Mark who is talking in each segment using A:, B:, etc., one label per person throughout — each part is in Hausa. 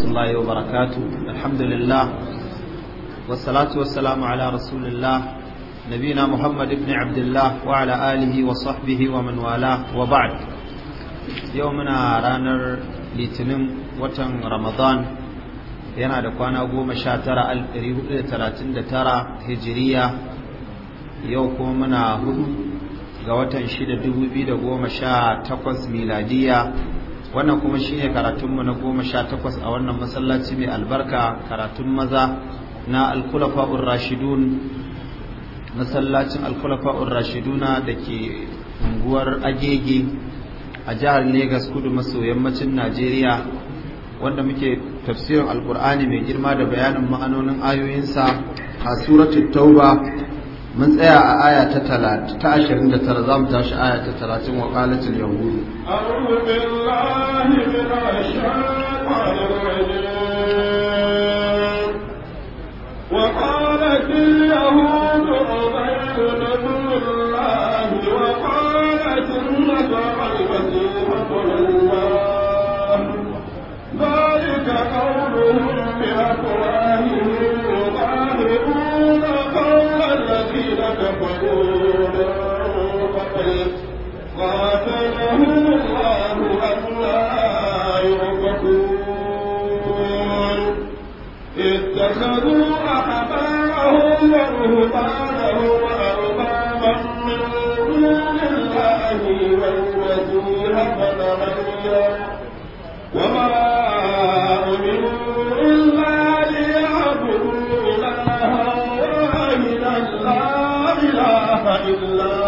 A: rahmatullahi wa barakatu alhamdulillah wassalatu wassalamu ala rasulillah nabina muhammad ibn abdullah wa ala alihi wa sahbihi wa man wala wa ba'd yau muna ranar litinin watan ramadan yana da kwana goma sha tara alɗari hudu da talatin da tara hijiriya yau kuma muna hudu ga watan shida dubu biyu da goma sha takwas miladiya wannan kuma shine karatunmu na goma sha takwas a wannan masallaci mai albarka karatun maza na alkulafa'ur rashidun masallacin alkulafa'ur rashiduna da ke unguwar agege a jihar Legas kudu maso yammacin najeriya wanda muke tafsirin alkur'ani mai girma da bayanin ma'anonin ayoyinsa a suratul tauba من تسعى آية تتلات تأشر عند ترزام تاش آية تتلات وقالت اليهود
B: أعوذ بالله من الشيطان الرجيم وقالت اليهود
A: اتخذوا أحبارهم
B: ورهبانهم أربابا من دون الله والمسيح ابن مريم وما أمروا الله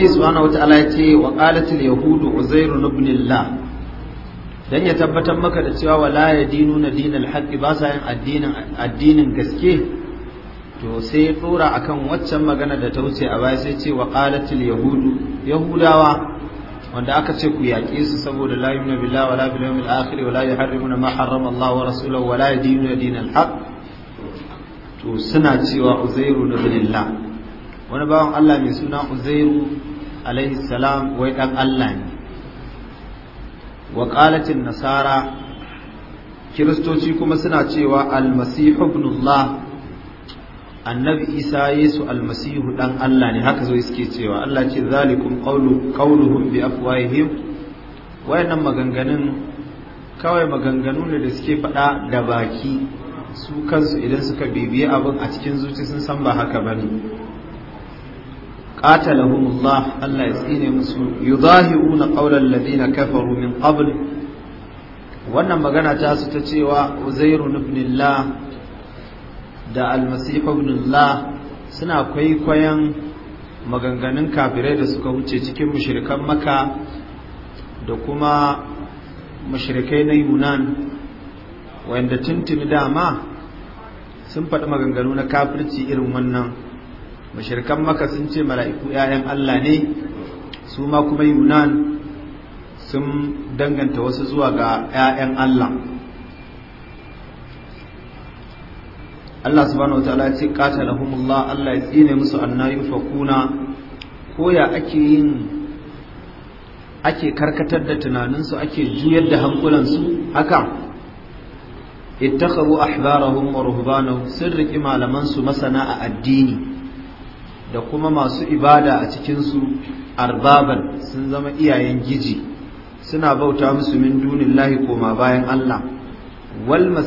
A: ubangiji subhanahu wataala ya ce wa qalatil yahudu uzairu ibn allah dan ya tabbatar maka da cewa wala yadinu na dinal haqqi ba sa yin addinin addinin gaske to sai ya a kan waccan magana da ta wuce a baya sai ce wa qalatil yahudu yahudawa wanda aka ce ku yaƙe su saboda la yu'minu billahi wala bil yawmil akhir wala yuharrimuna ma harrama Allah wa rasuluhu wala dinal haqq to suna cewa uzairu ibn Allah wani bawan Allah mai suna uzairu alaihi salam wai dan Allah ne wa qalatin nasara kiristoci kuma suna cewa almasihu ibnullah annabi isa yesu almasihu dan Allah ne haka zai suke cewa Allah ce zalikum qawlu qawluhum bi afwahihim wayannan maganganun kawai maganganu ne da suke faɗa da baki su kansu idan suka bibiye abin a cikin zuci sun san ba haka bane qatalahumullah Allah ya tsine musu yudahiuna qawlal ladina kafaru min qabl wannan magana ta ta cewa Uzairu ibn Allah da Al-Masih suna kwaikwayon maganganun kafirai da suka wuce cikin mushrikan Makka da kuma mashirikai na Yunan wanda tuntuni dama sun faɗi maganganu na kafirci irin wannan mashirkan maka sun ce mala'iku ‘ya'yan Allah ne su ma kuma yunan sun danganta wasu zuwa ga ‘ya'yan Allah Allah subhanahu wa ta'ala ce qatalahumullah Allah ya tsine musu annayu fakuna ko ya ake yin ake karkatar da tunaninsu ake juyar da hankulansu haka ittakhadhu ahbarahum wa ruhbanahum sirri malaman su masana a addini da kuma masu ibada a cikinsu arbaban sun zama iyayen giji suna bauta musu min lahi koma bayan Allah wal na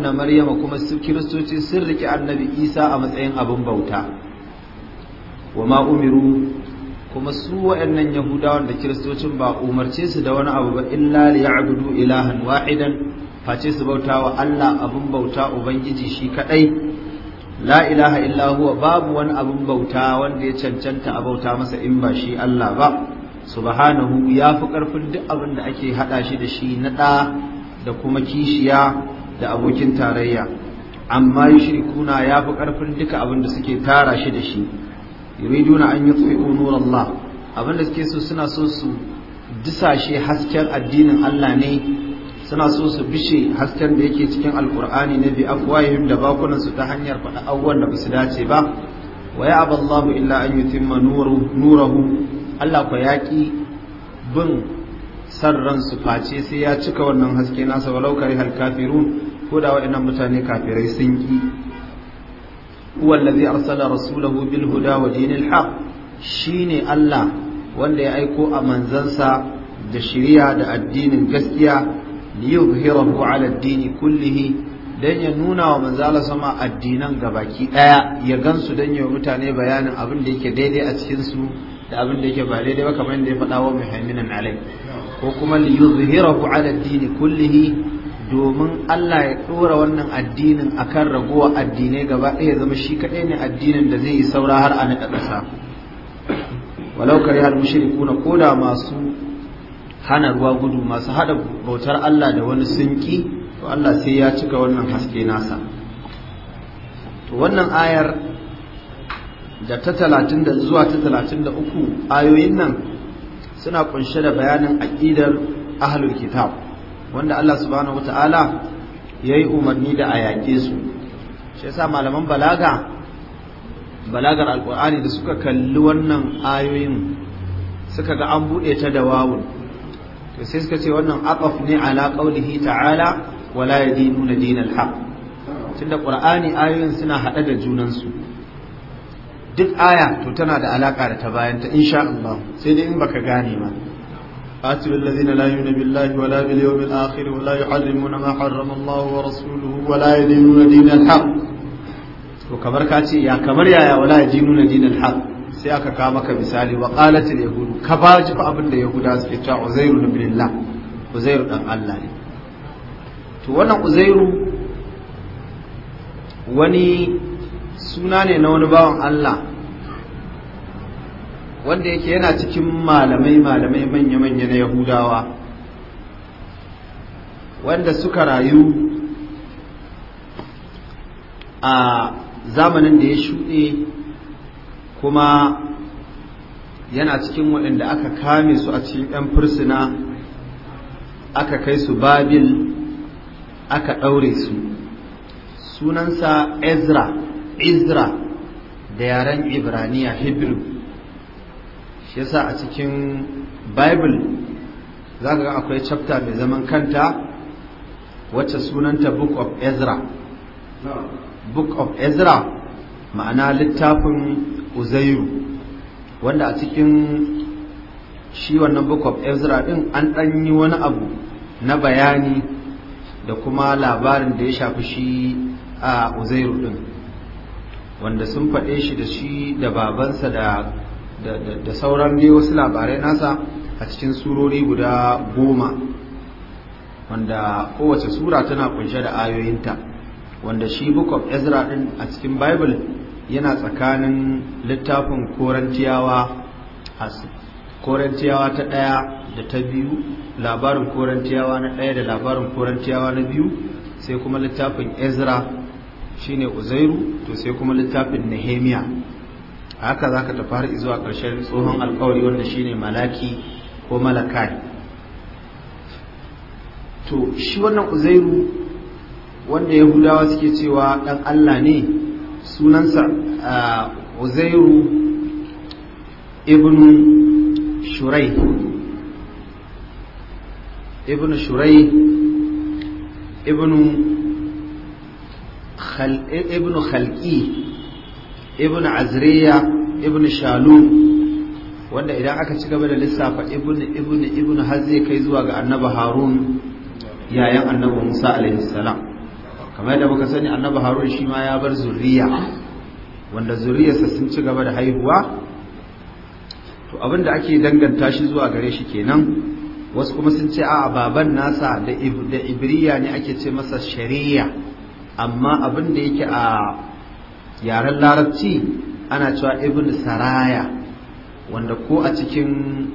A: na maryama kuma su kiristoci sun rike annabi isa a matsayin abin bauta wa ma umiru kuma su waɗannan yahudawan da kiristocin ba umarce su da wani abu ba illa li ya'budu ilahan wahidan face su bauta wa Allah abin bauta ubangiji shi kadai la ilaha illa huwa babu wani abun bauta wanda ya cancanta a bauta masa in ba shi Allah ba subhanahu ya fi ƙarfin duk abin da ake haɗa shi da shi na ɗa da kuma kishiya da abokin tarayya amma yushrikuna ya fi ƙarfin duka abin da suke tara shi da shi yuriduna an yutfi'u nur Allah abin da suke so suna so su disashe hasken addinin Allah ne suna so su bishe hasken da yake cikin alkur'ani na bi afwahihim da bakunan su ta hanyar faɗa abubuwan da basu dace ba wa ya aballahu illa an yutimma nurahu Allah ko yaki bin san ransu face sai ya cika wannan haske nasa walau kare hal kafirun ko da wa'annan mutane kafirai sun ki huwa allazi arsala rasulahu bil huda wa dinil haq shine Allah wanda ya aiko a manzansa da shiriya da addinin gaskiya liyubhirahu ala dini kullihi dan ya nuna wa manzala sama addinan gabaki daya ya gansu dan ya mutane bayanin abin da yake daidai a cikin su da abin da yake ba daidai ba kamar yadda ya faɗa wa muhaiminan alai ko kuma liyubhirahu ala ad-dini kullihi domin Allah ya dora wannan addinin akan ragowa addinai gaba ɗaya zama shi kaɗai ne addinin da zai yi saura har a naɗa ƙasa walau kare har mushrikuna koda masu hana ruwa gudu masu hada bautar Allah da wani sunki to Allah sai ya cika wannan haske nasa to wannan ayar da ta 30 da zuwa ta 33 ayoyin nan suna kunshe da bayanin aqidar ahlul kitab wanda Allah subhanahu wataala yayi umarni da ayake su shi yasa malaman balaga balagar alqur'ani da suka kalli wannan ayoyin suka ga an bude ta da wawun to sai suka ce wannan aqaf ne ala qaulihi ta'ala wala yadinuna dinal haqq tunda qur'ani ayoyin suna hada da junansu duk aya to tana da alaka da ta bayan ta insha Allah sai dai in baka gane ba قاتل الذين لا يؤمنون بالله ولا باليوم الآخر ولا يحرمون ما حرم الله ورسوله ولا يدينون دين الحق وكبر كاتي يا كبر يا ولا يدينون دين الحق sai aka kawo maka misali wa qalatil yahudu ka ba ji fa abin da yahuda suke cewa uzairu ibn Allah uzairu dan Allah ne to wannan uzairu wani suna ne na wani bawan Allah wanda yake yana cikin malamai malamai manya manya na yahudawa wanda suka rayu a zamanin da ya shuɗe kuma yana cikin waɗanda aka kame su a cikin 'yan fursuna aka kai su babil aka ɗaure su sunansa ezra izra da yaren ibraniya hebrew shi yasa a cikin bible za ga akwai chapter mai zaman kanta wacce sunanta book of ezra book of ezra ma'ana littafin uzairu wanda a cikin shi wannan book of ezra din an ɗan yi wani abu na bayani da kuma labarin da ya shafi shi a uzairu din wanda sun faɗe shi da shi da babansa da da sauran dai wasu labarai nasa a cikin surori guda goma wanda kowace sura tana kunshe da ayoyinta wanda shi book of ezra din a cikin bible yana tsakanin littafin korantiyawa korantiyawa ta ɗaya da ta biyu labarin korantiyawa na ɗaya da labarin korantiyawa na biyu sai kuma littafin ezra shine uzairu to sai kuma littafin nehemiya haka za ka tafi har zuwa ƙarshen tsohon alkawari wanda shi ne malaki ko malakai to shi wannan uzairu wanda yahudawa suke cewa ɗan allah ne sunansa a uzairu ibnu shurai Ibnu shurai Ibnu ibn khalqi azriya ibnu wanda idan aka ci gaba da lissafa Ibnu, Ibnu, Ibnu, har zai kai zuwa ga annabi harun yayan annabi musa alaihi salam kamar yadda muka sani annabi harun shi ma ya bar zuriya wanda zuriyarsa sun ci gaba da haihuwa to abinda ake danganta shi zuwa gare shi kenan wasu kuma sun ce a baban nasa da ibriya ne ake ce masa shari'a amma abin da yake a yaren larabci ana cewa ibn saraya wanda ko a cikin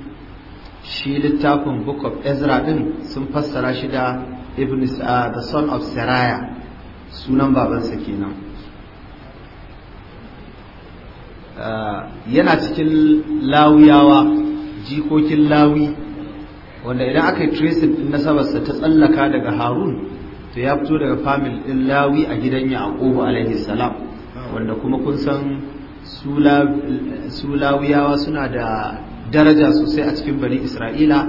A: shi littafin book of ezra din sun fassara shi da ibn the son of saraya sunan babansa kenan ah, yana cikin lawuyawa jikokin lawi wanda idan aka yi tracing din nasabarsa ta tsallaka daga harun to ya fito daga famil din lawi a gidan yaqubu alaihi salam wanda kuma kun san su lawiyawa suna da daraja sosai a cikin bani isra'ila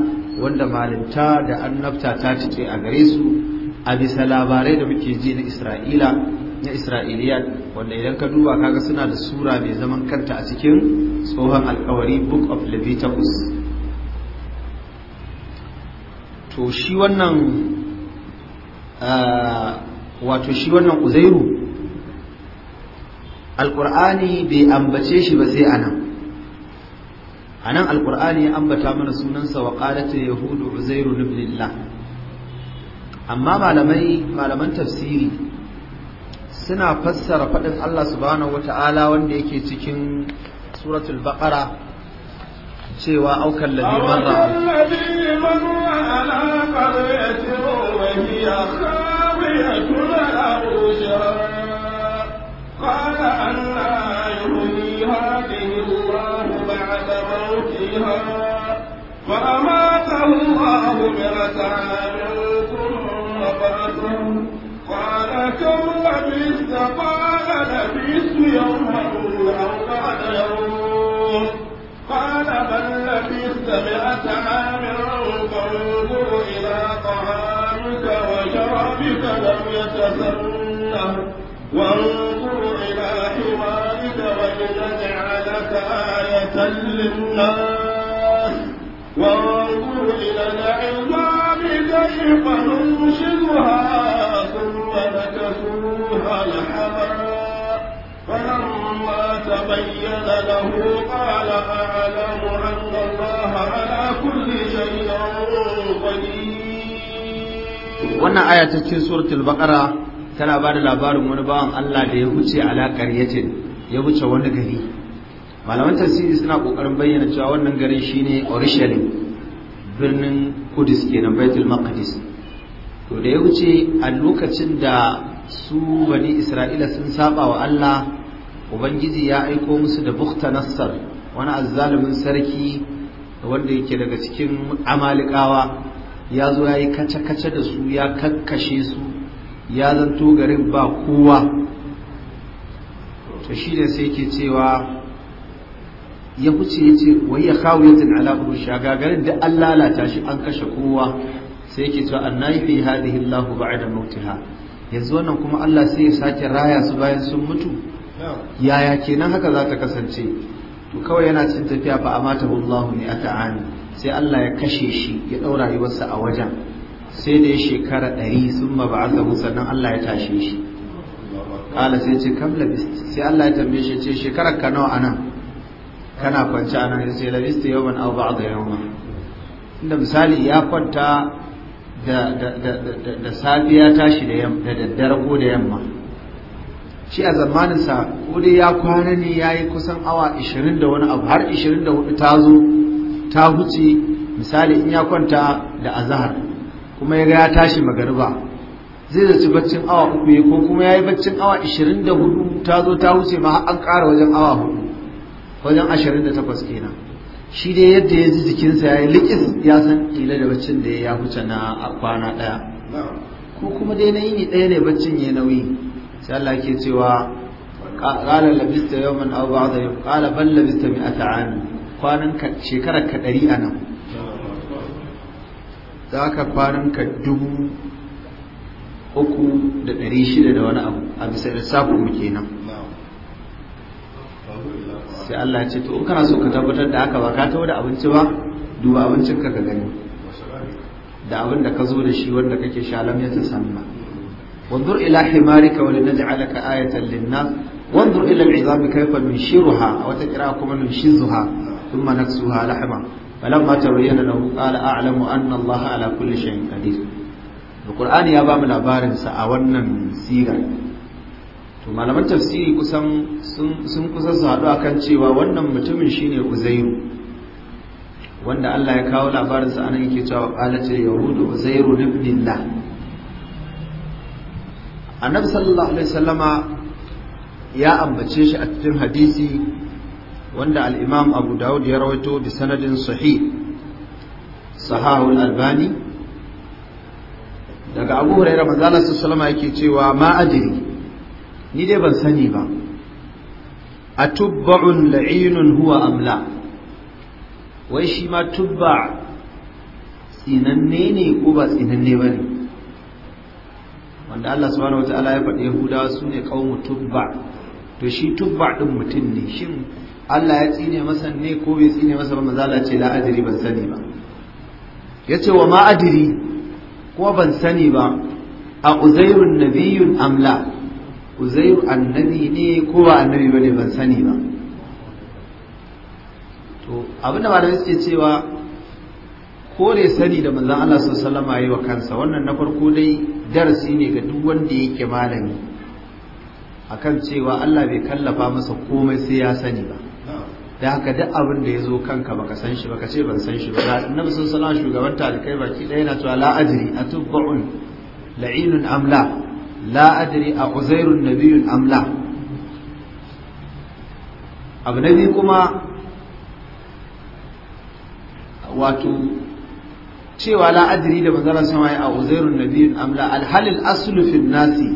A: wanda malinta da annabta ta cike a gare su a bisa labarai da muke ji na isra'ila na isra'iliya wanda idan ka duba kaga suna da sura mai zaman kanta a cikin tsohon alkawari book of leviticus to shi wannan wato shi wannan uzairu alkur'ani bai ambace shi ba sai anan anan alkur'ani ya ambata mana sunansa wa qalat yahudu uzairu ibn amma malamai malaman tafsiri suna fassara faɗin Allah subhanahu wata'ala wanda yake cikin suratul baqara cewa aukan ladhi marra
B: قال كم لبثت قال لبثت يوما أو بعد يوم قال بل لبثت مئة عام فانظر إلى طعامك وشرابك لم يتسنه وانظر إلى حمارك ولنجعلك آية للناس وانظر إلى نعيمك
A: wannan aya ta cikin suratul baqara tana ba da labarin wani bawan Allah da ya huce alaƙar yatin ya huce wani gari malaman tafsiri suna kokarin bayyana cewa wannan garin shine Urushalim birnin Kudis kenan baitul maqdis to da ya wuce a lokacin da su bani isra'ila sun saba wa Allah ubangiji ya aiko musu da bukta nassar wani azzalumin sarki wanda yake daga cikin amalikawa ya zo ya yi kace-kace da su ya kakkashe su ya zanto garin ba kowa to shi da sai ke cewa ya wuce ya ce wai ya kawo ya zin ala urusha da an lalata shi an kashe kowa sai yake cewa an nayi fi hadihi Allahu da mautiha yanzu wannan kuma Allah sai ya sake raya su bayan sun mutu yaya kenan haka za ta kasance to kawai yana cin tafiya fa amatahu Allahu ni ata'ani sai Allah ya kashe shi ya daura rayuwarsa a wajen sai da ya shekara ɗari sun maba'athahu sannan Allah ya tashe shi kala sai ce kam labis sai Allah ya tambaye shi ce shekarar ka nawa anan kana kwanci a nan sai labista yawan aw ba'da yawma inda misali ya kwanta da da da da safiya tashi da yamma da daddare ko da yamma shi a zamanin sa ko dai ya kwana ne yayi kusan awa 20 da wani abu har 24 ta zo ta huce misali in ya kwanta da azhar kuma ya ga ya tashi magariba zai zaci baccin awa uku ko kuma ya yi baccin awa 24 ta zo ta huce ma har an ƙara wajen awa hudu wajen takwas kenan shi dai yadda ya ji jikinsa ya yi likis ya san kila da baccin da ya huce na kwana ɗaya ko kuma dai na yini ɗaya ne baccin ya nauyi sai Allah ke cewa qala labista yawman aw ba'd yawm kala ban labista mi'ata am kwanan shekarar ka a anan za ka kwanan ka dubu uku da ɗari shida da wani abu a bisa lissafin mu kenan sai Allah ce to in kana so ka tabbatar da haka ba ka tawo da abinci ba duba abincin ka ka gani da abin da ka zo da shi wanda kake shalam ya tasamma wanzur ila himarika wa linaj'alaka ayatan linnas wanzur ila al'izami kayfa nunshiruha wa taqra kuma nunshizuha thumma naksuha lahma falamma tabayyana lahu qala a'lamu anna Allah ala kulli shay'in qadir al ya ba mu labarin sa a wannan sigar malaman tafsiri kusan sun kusan su haɗu akan cewa wannan mutumin shine uzairu wanda Allah ya kawo labarinsa anan yake cewa ce yahudu uzairu ibnillah annabi sallallahu alaihi wasallama ya ambace shi a cikin hadisi wanda al-imam abu dawud ya rawaito bi sanadin sahih sahahul albani daga abu hurairah manzo Allah sallallahu alaihi wasallama yake cewa ma ajri ni dai ban sani ba a tubba'un la'inun huwa amla wai shi ma tubba tsinanne ne ko ba tsinanne ba ne wanda Allah subhanahu wata'ala ya faɗi Yahudawa su ne kawo tubba to shi tubba ɗin mutum ne shin Allah ya tsine masa ne ko bai tsine masa ba mazala ce la'adiri ban sani ba ya ce wa ma'adiri ko ban sani ba a uzairun nabiyun amla uzairu annabi ne ko ba annabi bane ban sani ba to abinda malamai suke cewa ko kore sani da manzon Allah sallallahu alaihi wa kansa wannan na farko dai darasi ne ga duk wanda yake malami akan cewa Allah bai kallafa masa komai sai ya sani ba da haka duk abin da ya zo kanka baka san shi baka ce ban san shi ba annabi sallallahu alaihi shugaban talikai baki daya yana cewa la ajri atubun la'inun amla la a uzairun nabiyun amla abu na biyu kuma wato cewa la da manzara sama a uzairun nabiyun amla alhalil aslu nasi nasi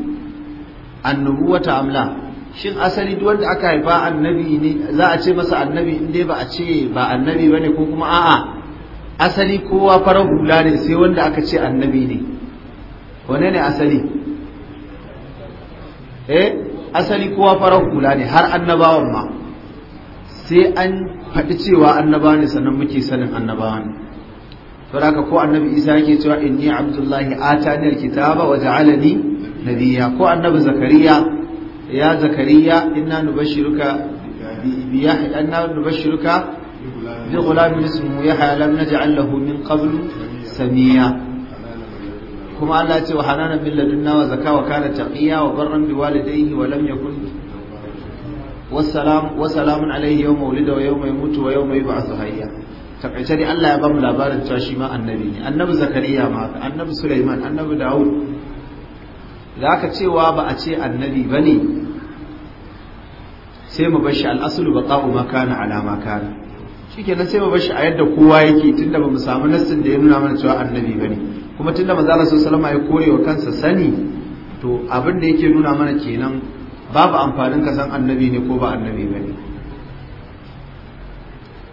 A: wata amla shin asali duk wanda aka haifa annabi ne za a ce masa annabi in dai ba a ce ba annabi bane ko kuma a'a asali kowa farar hula ne sai wanda aka ce annabi ne wane ne asali eh asali kowa farar hula ne har annabawan ma sai an faɗi cewa annaba ne sannan muke sanin annabawa ne to haka ko annabi isa yake cewa inni abdullahi atani alkitaba wa ja'alani nabiyya ko annabi zakariya ya zakariya inna nubashshiruka bi yahya inna nubashshiruka bi ghulamin ismuhu yahya lam naj'al lahu min qablu samiya kuma Allah ya ce wa hananan min ladunna wa zakka wa kana taqiya wa barran bi walidayhi wa lam yakun wassalam wa salamun alayhi yawma wulida wa yawma yamutu wa yawma yub'athu hayya takaice dai Allah ya bamu labarin cewa shi ma annabi ne annabi zakariya ma annabi sulaiman annabi daud da aka cewa ba a ce annabi bane sai mu bar shi al'asulu baqa'u ma kana ala ma kana shikenan sai mu bar shi a yadda kowa yake tunda ba mu samu nassin da ya nuna mana cewa annabi bane kuma tun da Allah sallallahu alaihi ya kore wa kansa sani to abin da yake nuna mana kenan babu amfanin ka san annabi ne ko ba annabi bane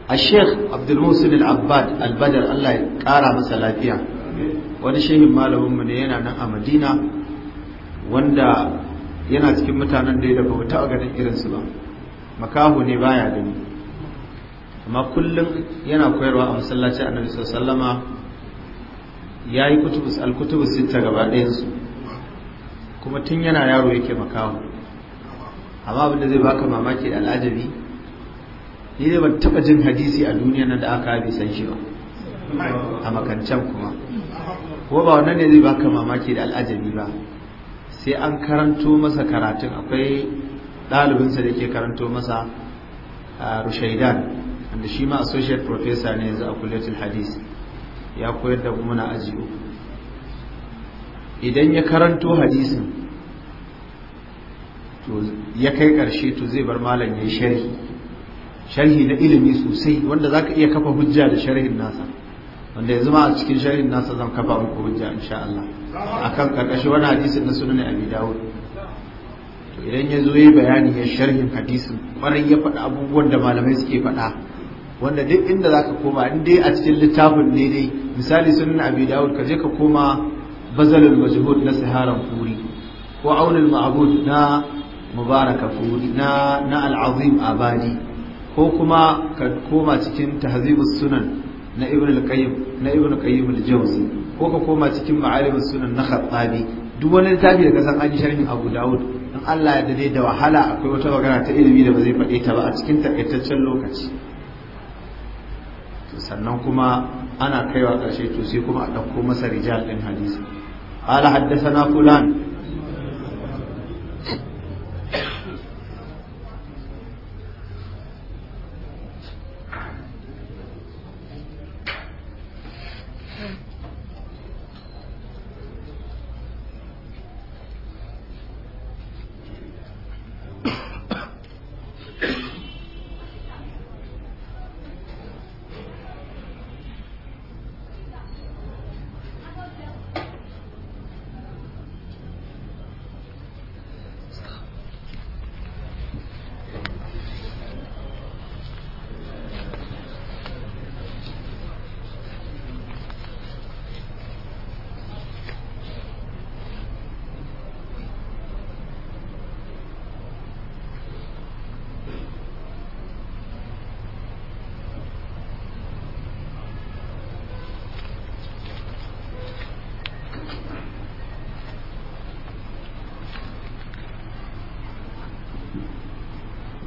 A: الشيخ عبد المحسن العباد Allah ya kara masa lafiya wani shehin malamin mu ne yana nan a Madina wanda yana cikin mutanen da ya dafa wata a irin su ba makahu ne baya gani amma kullum yana koyarwa a masallacin annabi sallallahu alaihi wasallama ya yi kutubus alkutubus sitta gaba ɗayansu kuma tun yana yaro yake makaho amma abinda zai baka mamaki da al'ajabi ne zai ban taɓa jin hadisi a duniya na da aka bi san shi ba a makancan kuma kuma ba wannan ne zai baka mamaki da al'ajabi ba sai an karanto masa karatun akwai ɗalibinsa da ke karanto masa rushaidan wanda shi ma associate professor ne yanzu a kulletul hadisi ya koyar da muna aji uku idan ya karanto hadisin to ya kai karshe to zai bar malam ya sharhi sharhi na ilimi sosai wanda za ka iya kafa hujja da sharhin nasa wanda yanzu ma a cikin sharhin nasa zan kafa muku hujja insha Allah akan karkashi wani hadisin na sunan Abi Dawud to idan ya zo yi bayani ya sharhin hadisin kwarai ya faɗa abubuwan da malamai suke faɗa wanda duk inda zaka koma in dai a cikin littafin ne dai misali sunan abi dawud ka je ka koma bazalul majhud na saharan furi ko aunul ma'bud na mubaraka furi na na al abadi ko kuma ka koma cikin tahzibus sunan na ibn al-qayyim ko ka koma cikin ma'aribus sunan na khattabi duk wani littafi da ka san an yi sharhin abu dawud in Allah ya dade da wahala akwai wata magana ta ilimi da ba zai faɗe ta ba a cikin takaitaccen lokaci sannan kuma ana kaiwa ƙarshe to sai kuma a ɗauko masa rijal ɗin hadisi haddasa na fulan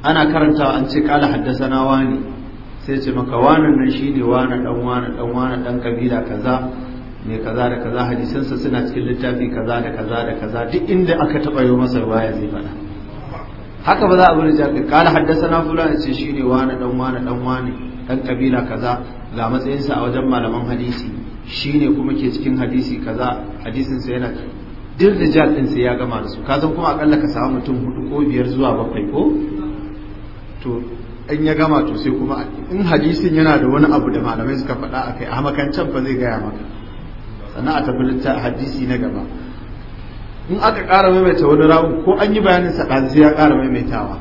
A: ana karantawa an ce kala haddasana wani sai ce maka wanan nan shine wani dan wani dan wani dan kabila kaza mai kaza da kaza hadisansa suna cikin littafi kaza da kaza da kaza duk inda aka taba yi masa waya zai fada haka ba za a bari jaka kala na fulan ce shine wani dan wani dan wani dan kabila kaza ga matsayinsa a wajen malaman hadisi shine kuma ke cikin hadisi kaza hadisinsa yana duk da din sai ya gama da su ka san kuma akalla ka samu mutum hudu ko biyar zuwa bakwai ko to in ya gama to sai kuma in hadisin yana da wani abu da malamai suka faɗa a kai a makancan ba zai gaya maka sannan a tabbata hadisi na gaba in aka ƙara maimaita wani rawu ko an yi bayanin sa sai ya ƙara maimaitawa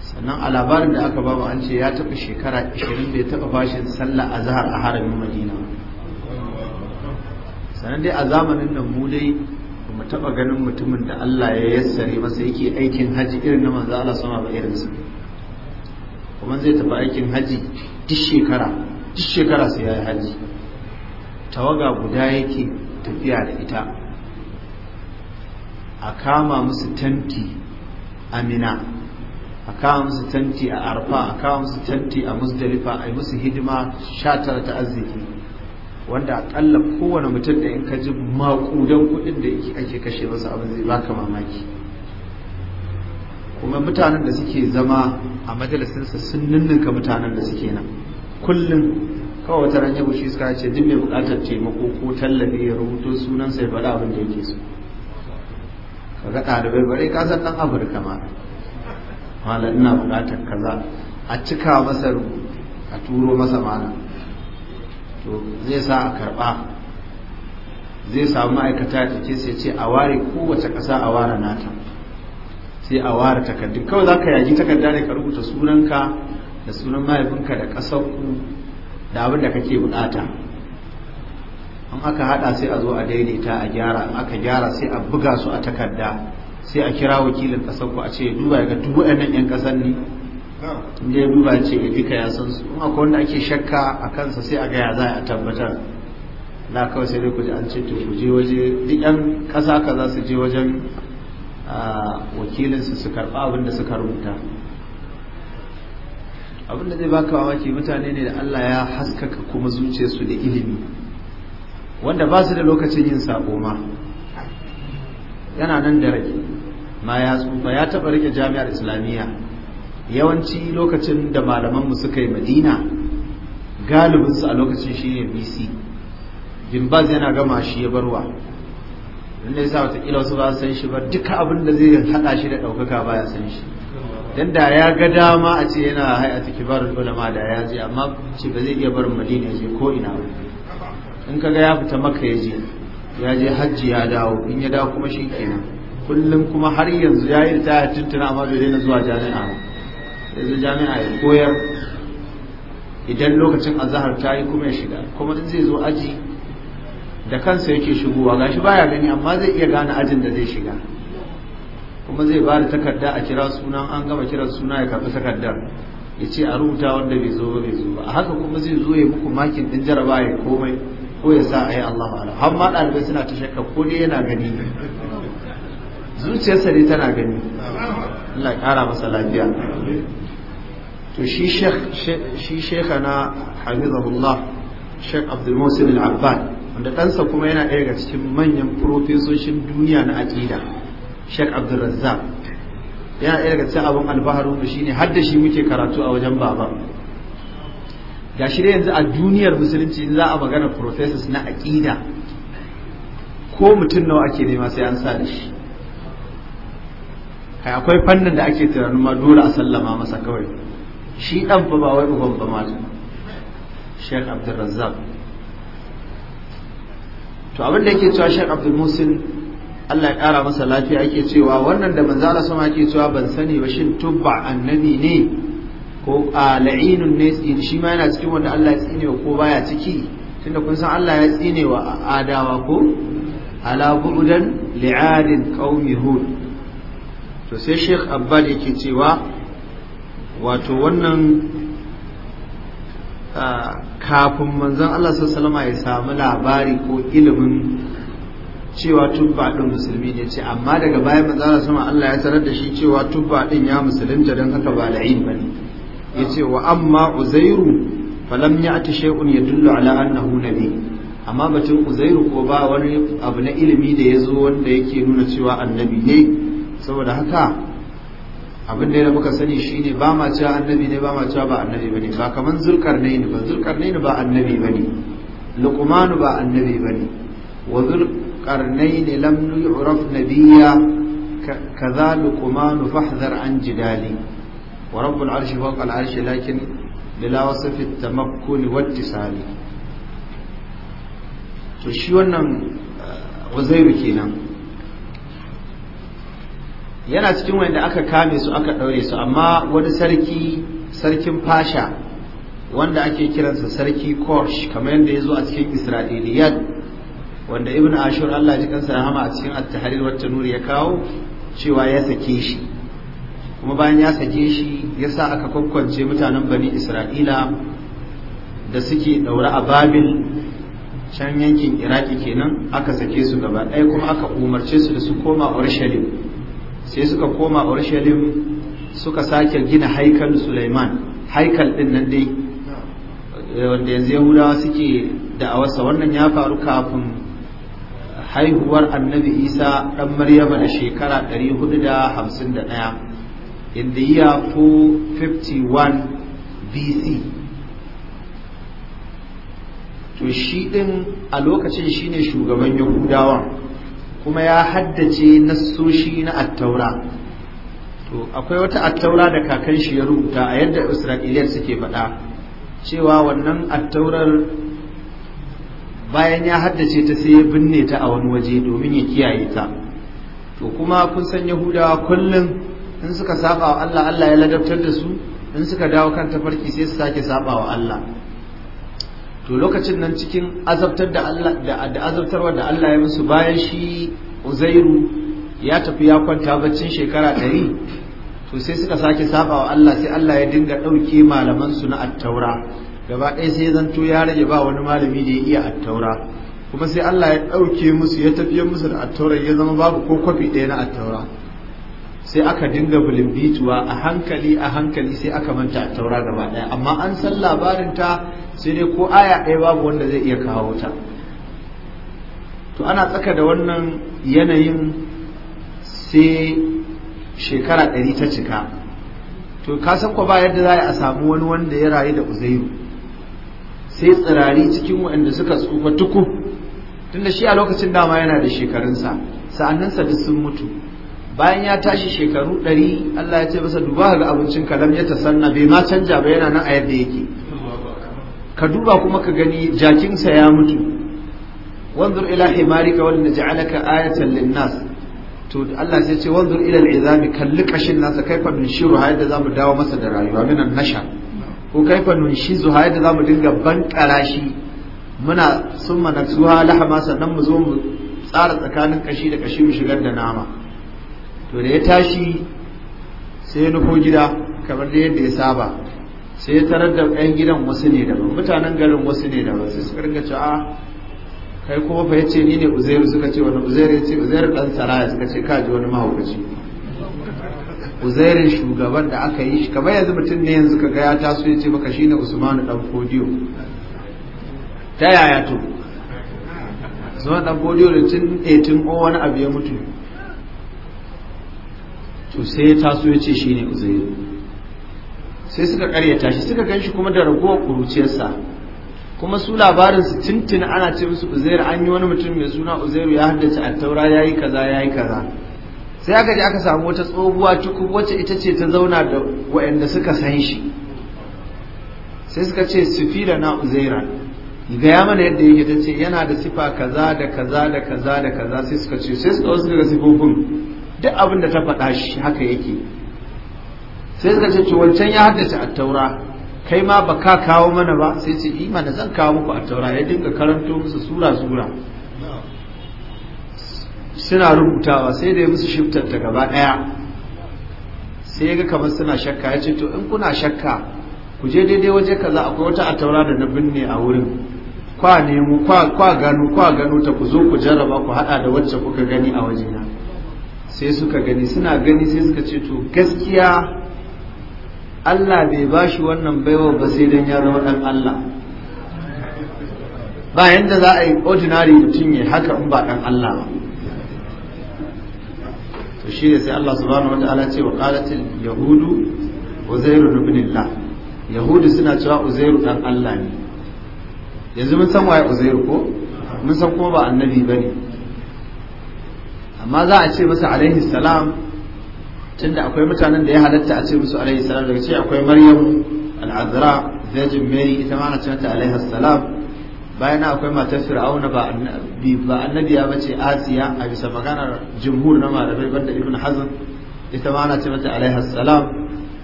A: sannan a labarin da aka ba an ce ya taɓa shekara 20 da ya taɓa bashin sallah a zahar a haramin madina sannan dai a zamanin nan mu dai mu taɓa ganin mutumin da Allah ya yassare masa yake aikin haji irin na manzo Allah sama ba irin sa kuma zai tafi aikin haji duk shekara duk shekara sai yayi haji tawaga guda yake tafiya da ita a kama musu tanti a a kama musu tanti a arfa a kama musu tanti a musdalifa a yi musu hidima sha tara ta arziki wanda akalla kowane mutum da in ka ji maƙudan kuɗin da ake kashe masa abin zai baka mamaki kuma mutanen da suke zama a majalisinsa sun ninninka mutanen da suke nan kullum kawai wata ran yabo suka ce duk mai bukatar taimako ko tallafi ya rubuto sunan sai faɗi abin da yake so kaga ɗalibai bare ka san ɗan afirka ma malam ina buƙatar kaza a cika masa a turo masa malam to zai sa a karba zai samu ma'aikata da ke sai ce a ware kowace ƙasa a ware nata sai a ware takardu kawai za ka yaji takarda ne ka rubuta sunanka da sunan mahaifinka da ƙasarku da abin da kake buƙata an aka haɗa sai a zo a daidaita a gyara an aka gyara sai a buga su a takarda sai a kira wakilin ƙasarku a ce duba ga duk waɗannan 'yan ƙasar ne inda ya duba ce ga duka ya san su kuma wanda ake shakka a kansa sai a gaya za a tabbatar na kawai sai dai ku an ce to ku je waje duk yan kasa kaza su je wajen wakilinsu su karba abin da suka rubuta abin da zai baka mamaki mutane ne da Allah ya haskaka kuma su da ilimi wanda ba su da lokacin yin sabo ma yana nan da rage ma ya tsufa ya taɓa rike jami'ar islamiyya yawanci lokacin da malamanmu suka yi madina galibinsu a lokacin shi ne bc gimbaz yana gama shi ya barwa don da yasa watakila wasu ba san shi ba duka abin da zai haɗa shi da ɗaukaka ba ya san shi don da ya ga dama a ce yana hayata kibarul ulama da ya je amma ce ba zai iya barin madina ya je ko ina ba in kaga ya fita maka ya je ya je hajji ya dawo in ya dawo kuma shi kenan kullum kuma har yanzu ya yi ta tuntuna amma bai daina zuwa jami'a ya zai jami'a ya koyar idan lokacin azahar ta yi kuma ya shiga kuma zai zo aji da kansa yake shigowa gashi baya gani amma zai iya gane ajin da zai shiga kuma zai ba da takarda a kira suna an gama kiran suna ya karɓi takardar ya ce a rubuta wanda bai zo ba bai zo ba a haka kuma zai zo ya muku makin ɗin jaraba ya komai ko ya sa a yi Allahu ala har ma ɗalibai suna ta shakka ko dai yana gani zuciyarsa dai tana gani Allah ya ƙara masa lafiya to shi shi shekha na abdul shek al abbad wanda ɗansa kuma yana ɗaya daga cikin manyan profesoshin duniya na aƙida shek razzaq yana ɗaya daga cikin abin albaharu da shine har da shi muke karatu a wajen baba ga shi yanzu a duniyar musulunci za a magana professors na aƙida ko mutum nawa ake nema sai an sa da shi kai akwai fannin da ake tunanin ma dole a sallama masa kawai shi ɗan ba wai uban ba mata sheikh abdulrazzaq to abin da yake cewa shek abdulmusin Allah ya ƙara masa lafiya ake cewa wannan da manzala sama ake cewa ban sani ba shin tubba annabi ne ko a la'inun ne shi ma yana cikin wanda Allah ya tsine wa ko baya ciki tunda kun san Allah ya tsine wa adawa ko ala bu'udan li'adin qaumi hud to sai shek Abbad yake cewa wato wannan kafin manzon Allah sallama ya sami labari ko ilimin cewa tubba din musulmi ne ce amma daga bayan manzon Allah sama Allah ya sanar da shi cewa tubba din ya musulunta don haka ba la'in bane yace wa amma uzairu falam ya'ti shay'un yadullu ala annahu nabi amma batun uzairu ko ba wani abu na ilimi da ya zo wanda yake nuna cewa annabi ne saboda haka abin da muka sani shine ba ma cewa annabi ne ba ma cewa ba annabi bane ba kaman zulkarnaini ba zulkarnaini ba annabi bane luqman ba annabi bane wa zulkarnaini lam yu'raf nabiyya kaza luqman fahdhar an jidali wa rabbul arshi fawqa al arshi lakin bila wasfi at tamakkun wa ittisali to shi wannan wazairu uh, kenan yana cikin wanda aka kame su aka ɗaure su amma wani sarki sarkin fasha wanda ake kiransa sarki korsh kamar yadda ya zo a cikin isra'iliyat wanda ibn ashur allah ji kansa rahama a cikin at wata nuri ya kawo cewa ya sake shi kuma bayan ya sake shi ya sa aka kwakwance mutanen bani isra'ila da suke ɗaure a babil can yankin iraki kenan aka sake su gaba ɗaya kuma aka umarce su da su koma urushalim sai suka koma urushalim suka sake gina haikal suleiman haikal din nan dai eh, wanda yanzu yahudawa suke da'awarsa wannan ya faru kafin haihuwar annabi isa ɗan maryama da shekara 451 in the year 451 bc to shi din a lokacin shine shugaban yahudawan kuma ya haddace nassoshi na attaura to akwai wata attaura da kakan shi ya rubuta a yadda isra'iliyar suke faɗa cewa wannan attaurar bayan ya haddace ta sai ya binne ta a wani waje domin ya kiyaye ta to kuma kun san yahudawa kullum in suka saba wa Allah Allah ya ladabtar da su in suka dawo kan tafarki sai su sake saba wa Allah to lokacin nan cikin azabtar da Allah da azabtarwa da Allah ya musu bayan shi Uzairu ya tafi ya kwanta baccin shekara ɗari to sai suka sake saba wa Allah sai Allah ya dinga ɗauke malaman su na attaura gaba ɗaya sai zanto ya rage ba wani malami da ya iya attaura kuma sai Allah ya ɗauke musu ya tafiye musu da attaura ya zama babu ko kwafi ɗaya na attaura sai aka dinga bulimbituwa a hankali a hankali sai aka manta a taura gaba ɗaya amma an san labarin ta sai dai ko aya ɗaya babu wanda zai iya kawo ta to ana tsaka da wannan yanayin sai shekara ɗari ta cika to ka san ba yadda za a samu wani wanda ya rayu da uzairu sai tsirari cikin waɗanda suka tsufa tuku tunda shi a lokacin dama yana da shekarunsa sa'anninsa duk sun mutu bayan ya tashi shekaru ɗari Allah ya ce masa duba ga abincin kalam ya ta tasanna bai ma canja ba yana nan a yadda yake ka duba kuma ka gani jakinsa ya mutu wanzur ila himarika ji alaka ayatan linnas to Allah sai ce wanzur ila al'izami kalli kashin nasa kai kaifa nunshiru ha yadda zamu dawo masa da rayuwa minan nasha ko kai kaifa nunshizu ha yadda zamu dinga ban karashi muna summa naksuha lahama sannan mu zo mu tsara tsakanin kashi da kashi mu shigar da nama to da ya tashi sai ya nufo gida kamar da yadda ya saba sai ya tarar da ɗan gidan wasu ne da mutanen garin wasu ne da wasu suka ringa cewa ah, kai kuma fa yace ni ne uzairu suka ce wani uzairu yace uzairu dan saraya suka ce kaji wani mahaukaci uzairin shugaban da aka yi kamar yanzu mutum ne yanzu kaga ya taso yace maka shine usmanu dan kodiyo ta yaya to zuwa dan kodiyo da tun 18 o wani abu ya mutu to sai ya taso ya ce shine uzairu sai suka karyata shi suka ganshi kuma da raguwar kuruciyarsa kuma su labarin su tintin ana ce musu uzairu an yi wani mutum mai suna uzairu ya haddace ya yayi kaza yayi kaza sai aka ji aka samu wata tsohuwa tukub wacce ita ce ta zauna da waɗanda suka san shi sai suka ce da na uzaira gaya mana yadda yake ta ce yana da sifa kaza da kaza da kaza da kaza sai suka ce sai suka wasu daga sifofin duk abin da ta faɗa shi haka yake sai suka ce to wancan ya haddace a taura, kai ma ba ka kawo mana ba sai ce ima da zan kawo muku a taura, ya dinga karanto musu sura sura suna rubutawa sai da ya musu shiftar ta gaba ɗaya sai ya ga kamar suna shakka ya ce to in kuna shakka ku je daidai waje kaza akwai wata a taura da na binne a wurin kwa nemo kwa gano ta ku zo ku jarraba ku haɗa da wacce kuka gani a wajena sai suka gani suna gani sai suka ce to gaskiya Allah bai bashi wannan baiwa ba sai dan ya zama dan Allah ba yanda za a yi ordinary mutum ya haka in ba dan Allah ba to shi ne sai Allah subhanahu wataala ce wa qalatil yahudu uzairu ibn Allah yahudu suna cewa uzairu dan Allah ne yanzu mun san waye uzairu ko mun san kuma ba annabi bane amma za a ce masa alaihi salam tunda akwai mutanen da ya halatta a ce musu alaihi salam daga ce akwai maryam al'azra virgin mary ita ma ana ce mata alaihi salam bayan akwai matar fir'auna ba annabiya ba ce asiya a bisa maganar jumhur na malamai banda ibn hazm ita ma ana ce mata alaihi salam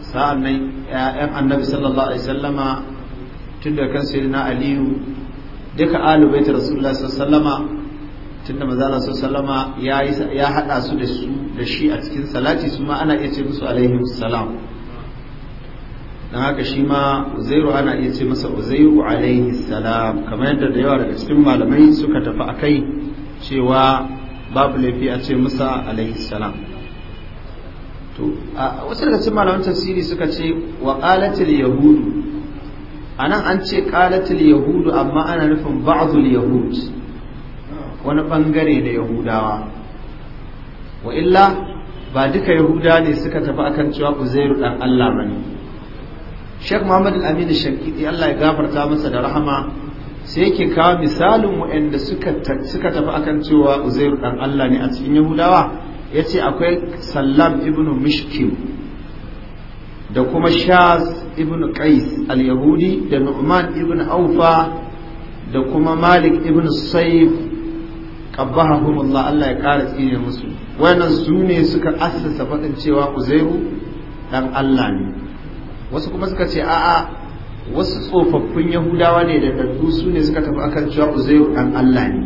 A: sa'an nan ƴaƴan annabi sallallahu alaihi sallama tun da kan sayyidina aliyu duka alubaita baita rasulullahi sallallahu alaihi sallama tunda manzo Allah sallama ya haɗa su da su da shi a cikin salati su ma ana iya ce musu alaihi salam Don haka shi ma uzairu ana iya ce masa uzairu alaihi salam kamar yadda da yawa daga cikin malamai suka tafi a kai cewa babu laifi a ce musa alaihi salam to a wasu daga cikin malaman tafsiri suka ce wa qalatil yahudu anan an ce qalatil yahudu amma ana nufin ba'dul yahud wani bangare da yahudawa wa illa ba duka yahuda ne suka tafi akan cewa uzairu dan Allah bane Sheikh Muhammad Al-Amin Shankiti Allah ya gafarta masa da rahama sai yake kawo misalin wanda suka suka tafi akan cewa uzairu dan Allah ne a cikin yahudawa yace akwai Sallam ibnu Mishkim da kuma Shaz ibnu Qais al-Yahudi da Nu'man ibnu Awfa da kuma Malik ibnu Saif qabbahum Allah ya ƙara tsire musu wannan su ne suka assasa fadin cewa Uzairu dan Allah ne wasu kuma suka ce a'a wasu tsofaffin Yahudawa ne da dadu su ne suka tafi akan cewa Uzairu dan Allah ne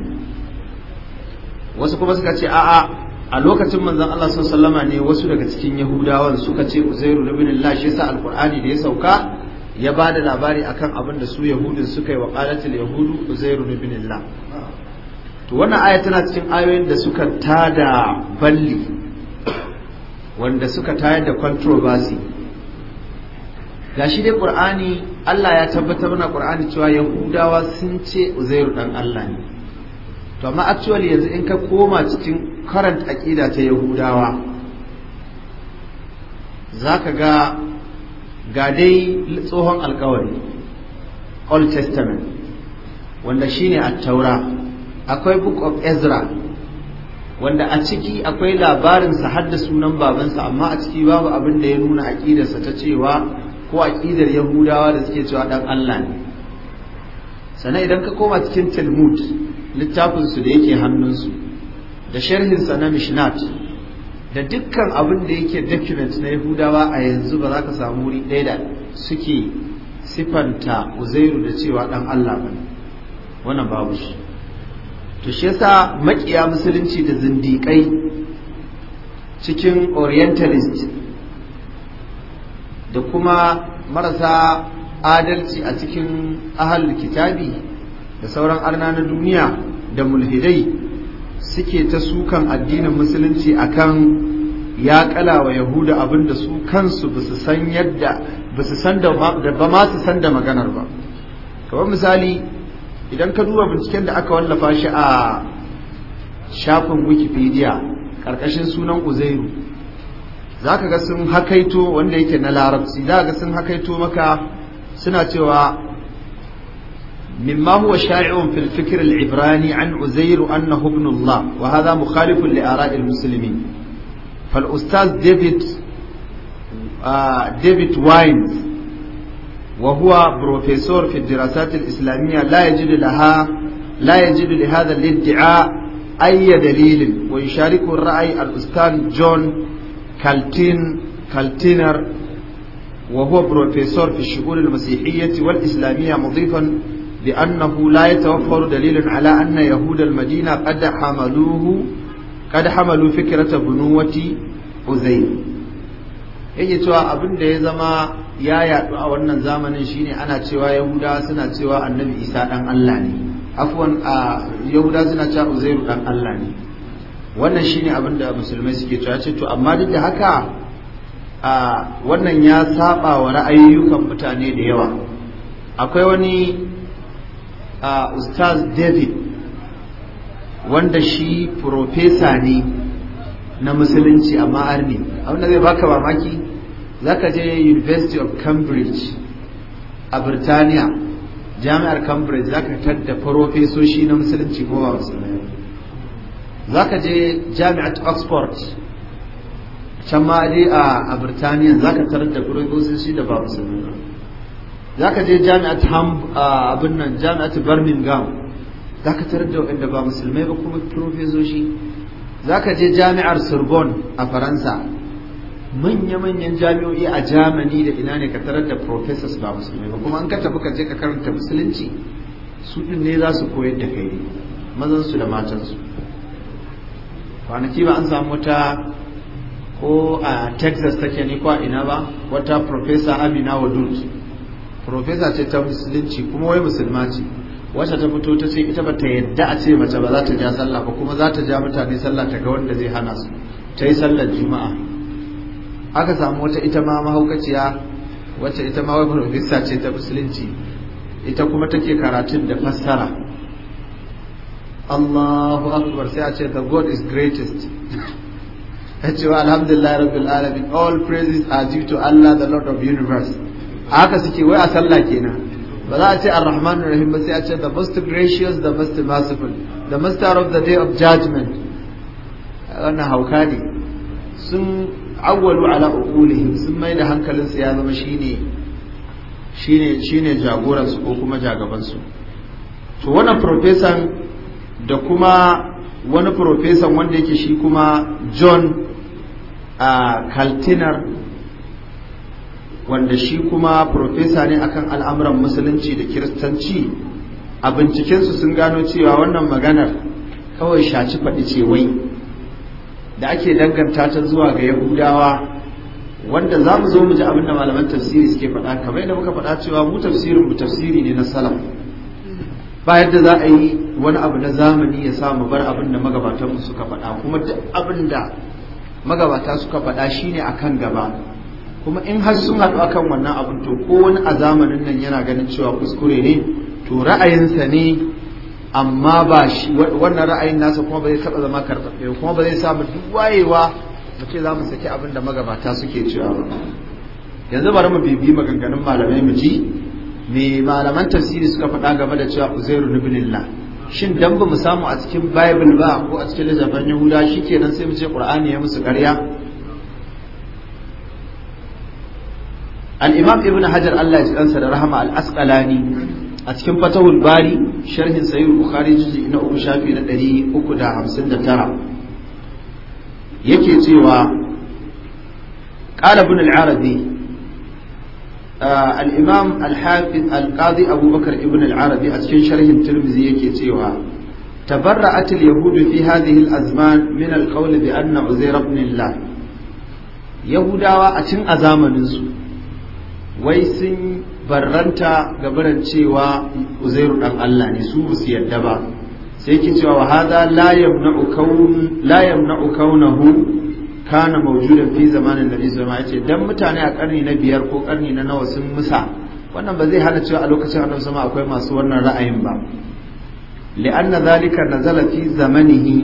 A: wasu kuma suka ce a'a a lokacin manzon Allah sallallahu alaihi ne wasu daga cikin Yahudawan suka ce Uzairu Allah shi yasa alqur'ani da ya sauka ya ba da labari akan abin da su Yahudin suka yi wa qalatul yahudu Uzairu Allah to wannan aya tana cikin ayoyin da suka tada balli wanda suka tayar da controversy gashi dai ƙurani Allah ya tabbatar mana ƙurani cewa yahudawa sun ce uzairu dan Allah ne to amma actually yanzu in ka koma cikin current aqida ta yahudawa zaka ga ga dai tsohon alkawari old testament wanda shine at-taura akwai book of ezra wanda a ciki akwai labarinsa har da sunan babansa amma a ciki babu abin da ya nuna aƙidarsa ta cewa ko aƙidar yahudawa da suke cewa ɗan allah ne sannan idan ka koma cikin talmud littafinsu da yake hannunsu da sharhinsa na mishnat da dukkan abin da yake document na yahudawa a yanzu ba za ka samu wuri ɗaya da suke sifanta uzairu da cewa ɗan allah ba wannan babu shi to shi yasa makiya musulunci da zindiƙai cikin orientalist da kuma marasa adalci a cikin ahal kitabi da sauran arna na duniya da mulhidai suke ta sukan addinin musulunci akan ya kala wa yahuda abinda su kansu ba san yadda ba san da ba ma su san da maganar ba kamar misali idan ka duba binciken da aka wallafa shi a shafin wikipedia karkashin sunan uzairu za ka ga sun hakaito wanda yake na larabci za ga sun hakaito maka suna cewa مما هو شائع في الفكر العبراني عن عزير أنه ابن الله وهذا مخالف لآراء المسلمين فالأستاذ ديفيد ديفيد واينز وهو بروفيسور في الدراسات الإسلامية لا يجد لها لا يجد لهذا الادعاء أي دليل ويشاركه الرأي الأستاذ جون كالتين كالتينر وهو بروفيسور في الشؤون المسيحية والإسلامية مضيفا بأنه لا يتوفر دليل على أن يهود المدينة قد حملوه قد حملوا فكرة بنوة عزيز yake cewa abin da ya zama ya yadu a wannan zamanin shine ana cewa yahuda suna cewa annabi isa dan allah ne afwan a yahuda suna cewa uzairu dan allah ne wannan shine abin da musulmai suke cewa ce to amma duk da haka a wannan ya saba wa ra'ayoyin mutane da yawa akwai wani a ustaz david wanda shi professor ne na musulunci amma arni abinda zai baka mamaki za ka je university of cambridge a birtaniya jami'ar cambridge za ka tadda farofesoshi na musulunci ko ba musulmai za ka je jami'at oxford can ma dai a birtaniya za ka tarar da farofesoshi da ba musulmai ba za ka je jami'at abin nan jami'at birmingham za ka tarar da waɗanda ba musulmai ba kuma farofesoshi za ka je jami'ar sorbonne a faransa manya-manyan jami'o'i a germany da ina ne ka tarar da professors ba musulmi ba kuma an ka tafi ka je ka karanta musulunci su din ne za su koyar da kai su da matansu kwanaki ba an samu wata ko a texas take ne ko a ina ba wata professor amina wadud professor ce ta musulunci kuma wai musulma ce wacce ta fito ta ce ita ba ta yadda a ce mace ba za ta ja sallah ba kuma za ta ja mutane sallah ta ga wanda zai hana su ta yi sallar juma'a aka samu wata ita ma mahaukaciya wacce ita ma ofisa ce ta musulunci ita kuma take karatun da fassara Allahu akbar sai a ce the God is greatest ce wa alhamdulillah rabbil alamin all praises are due to Allah the Lord of universe haka suke wai a sallah kenan ba za a ce ar-rahman rahim ba sai a ce the most gracious the most merciful the master of the day of judgment wannan hauka ne sun awwalu ala uqulihim sun mai da hankalin su ya zama shine shine shine jagoran su ko kuma jagaban su to wannan professor da kuma wani professor wanda yake shi kuma John a uh, Kaltinar wanda shi kuma profesa ne akan al'amuran musulunci da kiristanci a bincikensu sun gano cewa wannan maganar kawai shaci faɗi ce wai da ake danganta ta zuwa ga yahudawa wanda za mu zo mu ji abin da malaman tafsiri suke faɗa kamar yadda muka faɗa cewa mu tafsirin mu tafsiri ne na Salam. ba yadda za a yi wani abu na zamani ya sa mu bar abin da magabatanmu suka faɗa kuma duk abin da magabata suka faɗa shine akan gaba kuma in har sun haɗu a kan wannan abin to ko wani a zamanin nan yana ganin cewa kuskure ne to ra'ayinsa ne amma ba shi wannan ra'ayin nasa kuma ba zai taɓa zama karɓaɓɓe kuma ba zai samu duk wayewa mu ce za mu saki abin da magabata suke cewa ba yanzu bari mu bibi maganganun malamai mu ji me malaman tafsiri suka faɗa game da cewa uzairu nubilillah shin dan ba mu samu a cikin bible ba ko a cikin littafin yahuda shikenan sai mu ce qur'ani ya musu ƙarya an ibn hajar allah ya tsansa da rahama al asqalani a cikin fatahul bari sharhin sahih bukhari juz'i na uku shafi na 359
C: yake cewa
A: qala ibn al arabi uh, al imam al hafiz al qadi abubakar ibn al arabi a cikin sharhin tirmidhi yake cewa تبرأت اليهود في هذه الأزمان من القول بأن عزير ابن الله يهودا وأتن أزامن الزوج wai sun barranta ga barin cewa uzairu dan Allah ne su su yadda ba sai yake cewa wa hadha la yamna'u kaun la yamna'u kaunahu kana mawjudan fi zamanin nabi sallallahu alaihi wasallam dan mutane a karni na biyar ko karni na nawa sun musa wannan ba zai hana cewa a lokacin annabi sama akwai masu wannan ra'ayin ba li'anna zalika nazala fi zamanihi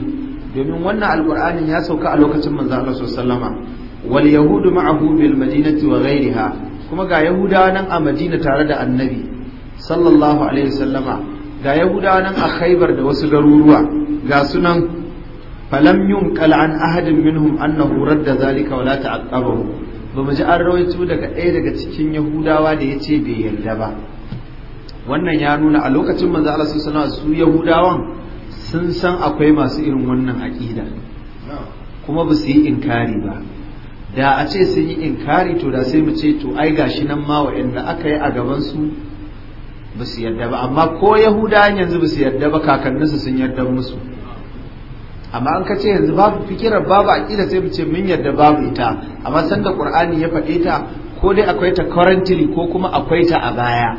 A: domin wannan alqur'anin ya sauka a lokacin manzo Allah sallallahu alaihi wasallama wal yahudu ma'ahu bil madinati wa ghayriha kuma ga yahudawa nan a madina tare da annabi sallallahu alaihi sallama ga yahudawa nan a khaibar da wasu garuruwa ga sunan falam yun an ahadin minhum annahu radda zalika wala ta'aqqabahu ba mu ji an rawaito daga ɗaya daga cikin yahudawa da yace bai yarda ba wannan ya nuna a lokacin manzo Allah sallallahu alaihi su yahudawan sun san akwai masu irin wannan aqida kuma ba su yi inkari ba da a ce sun yi inkari to da sai mu ce to ai gashi nan ma wa'anda aka yi a gaban su ba su yarda ba amma ko yahuda yanzu ba su yarda ba kakanninsu sun yarda musu amma an ka ce yanzu babu fikirar babu aƙida sai mu ce mun yarda babu ita amma sanda qur'ani ya faɗe ta ko dai akwai ta currently ko kuma akwai ta a baya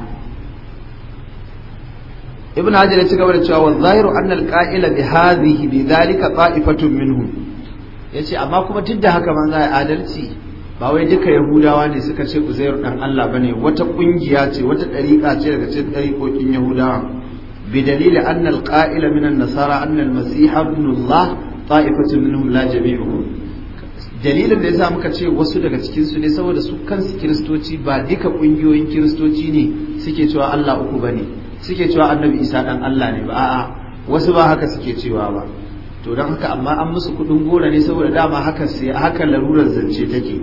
A: ibn hajar ya ci gaba da cewa wa zahiru anna al-qa'ila bi hadhihi bi dhalika ta'ifatun minhum ya ce amma kuma duk da haka man za a adalci ba wai duka yahudawa ne suka ce uzairu dan allah ba ne wata ƙungiya ce wata ɗariƙa ce daga cikin ɗariƙokin yahudawa bi dalili an alƙa'ila min nasara an almasih ibn allah ta'ifatu minhum la jami'uhum dalilin da yasa muka ce wasu daga cikin su ne saboda su kansu kiristoci ba duka ƙungiyoyin kiristoci ne suke cewa allah uku bane suke cewa annabi isa dan allah ne ba a'a wasu ba haka suke cewa ba to don haka amma an musu kudin gora ne saboda dama haka sai haka larurar zance take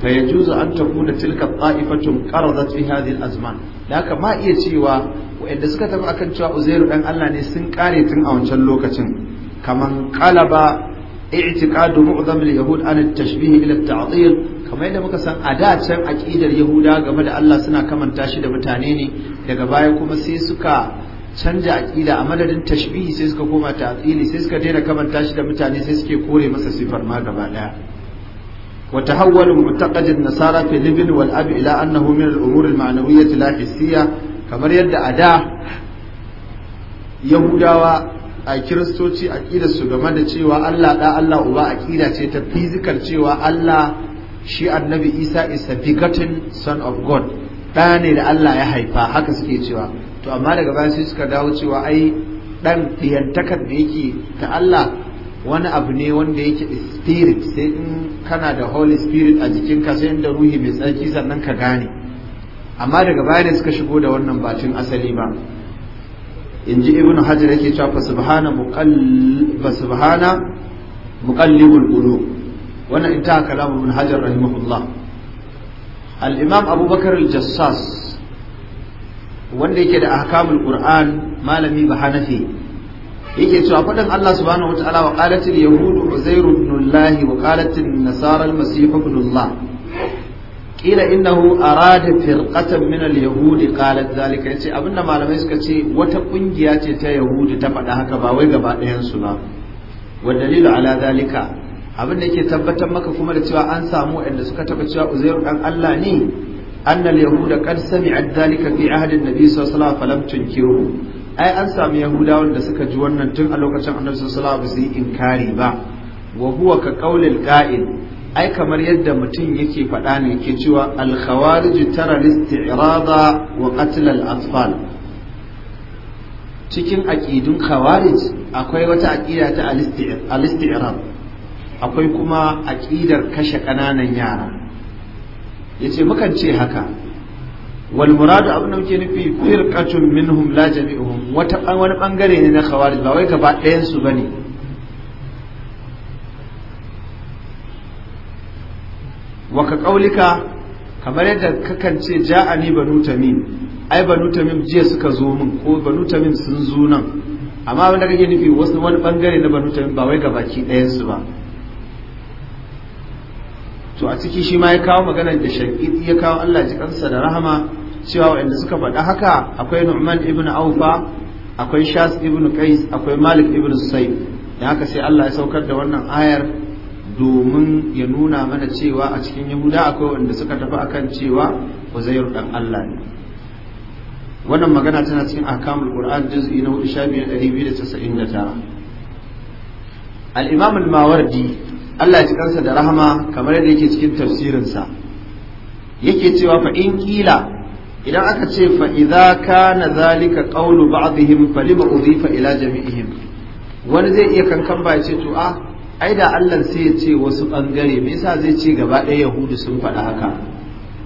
A: fa yajuzu an takuna tilka qa'ifatun qaradat fi hadhihi al-azman da haka ma iya cewa wanda suka tafi akan cewa Uzairu dan Allah ne sun kare tun a wancan lokacin kaman qalaba i'tiqadu mu'zam al-yahud an at-tashbih ila at-ta'til kamar yadda muka san a da can aqidar yahuda game da Allah suna kamanta shi da mutane ne daga baya kuma sai suka canja aƙida a madadin tashbihi sai suka koma ta'tili sai suka daina kamanta shi da mutane sai suke kore masa sifar ma gaba daya wa tahawwalu mu'taqad nasara fi libn wal ab ila annahu min al-umur al-ma'nawiyyah la hissiyya kamar yadda ada yahudawa a kiristoci aqidar su game da cewa Allah da Allah uba aqida ce ta physical cewa Allah shi annabi Isa is a begotten son of God ɗa ne da Allah ya haifa haka suke cewa to amma daga baya sai suka dawo cewa ai ɗan ɗiyantakar da yake ta Allah wani abu ne wanda yake spirit sai in kana da holy spirit a jikinka sai inda ruhi mai tsarki sannan ka gane amma daga baya ne suka shigo da wannan batun asali ba in ji ibn hajar yake cewa fa subhana fa subhana muqallibul qulub wannan intaha kalamu ibn hajar rahimahullah alimam abubakar jassas wanda yake da ahkamul ƙur'an malami ba hanafi yake cewa faɗin Allah subhanahu wataala wa qalatil yahudu uzair ibn Allah wa qalatil nasara al-masih ibn Allah qila innahu arada firqatan min al-yahudi qalat zalika yace abinda malamai suka ce wata kungiya ce ta yahudi ta faɗa haka ba wai gaba ɗayan su ba wa dalilu ala zalika abin da yake tabbatar maka kuma da cewa an samu wanda suka taba cewa uzairu dan Allah ne annal yahuda qad sami'a dhalika fi ahdi an-nabi sallallahu alaihi wasallam tunkiru ai an samu yahudawan da suka ji wannan tun a lokacin annabi sallallahu alaihi wasallam su yi inkari ba wa huwa ka qaulil qa'il ai kamar yadda mutum yake faɗa ne ke cewa al-khawarij tara istirada wa qatl al-atfal cikin aqidun khawarij akwai wata aqida ta al-isti'rad akwai kuma aƙidar kashe ƙananan yara yace mukan ce haka wal muradu abin da muke nufi firqatun minhum la jami'uhum wata wani bangare ne na khawarij ba wai gaba ɗayan su bane wa ka kaulika kamar yadda kakan ce ni banu tamim ai banu tamim jiya suka zo min ko banu tamim sun zo nan amma abin kake nufi wasu wani bangare na banu tamim ba wai gabaki ɗayan su ba to a ciki shi ma ya kawo magana da shaƙiƙi ya kawo Allah ji kansa da rahama cewa waɗanda suka faɗa haka akwai Nu'man ibn Aufa akwai Shas ibn Kais akwai Malik ibn sai da haka sai Allah ya saukar da wannan ayar domin ya nuna mana cewa a cikin Yahuda akwai wanda suka tafi akan cewa Uzair dan Allah ne wannan magana tana cikin ahkamul Qur'an juz'i na 4 al-Imam al-Mawardi Allah ji kansa da rahama kamar yadda yake cikin tafsirin sa yake cewa fa in kila idan aka ce fa idza kana zalika qawlu ba'dihim falima udhifa ila jami'ihim wani zai iya kankan ba ce to a ah, ai da Allah sai ya ce wasu bangare me yasa zai ce gaba ɗaya yahudu sun faɗa haka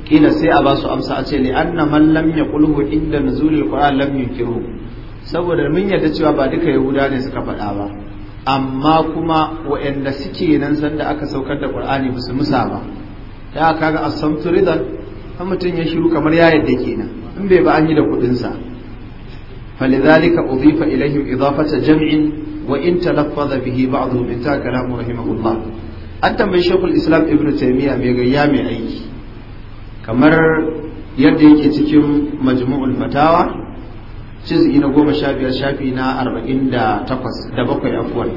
A: kila sai a ba su amsa a ce li anna man lam yaqulhu inda nuzulil qur'an lam yunkiru saboda mun yarda cewa ba duka yahuda ne suka faɗa ba amma kuma waɗanda suke nan sanda da aka saukar da ƙur'ani musu musa ba ya yi kaga a samtu an mutum ya shiru kamar ya yadda ke nan in bai ba an yi da kuɗinsa falizalika uzifa ilahim idafata jam'in wa in talaffaza bihi ba'dhu min ta kalamu rahimahullah an tambayi shekul islam ibn taymiya mai gayya mai aiki kamar yadda yake cikin majmu'ul fatawa Cizu na goma sha biyar shafi na arba'in da takwas da bakwai afuwan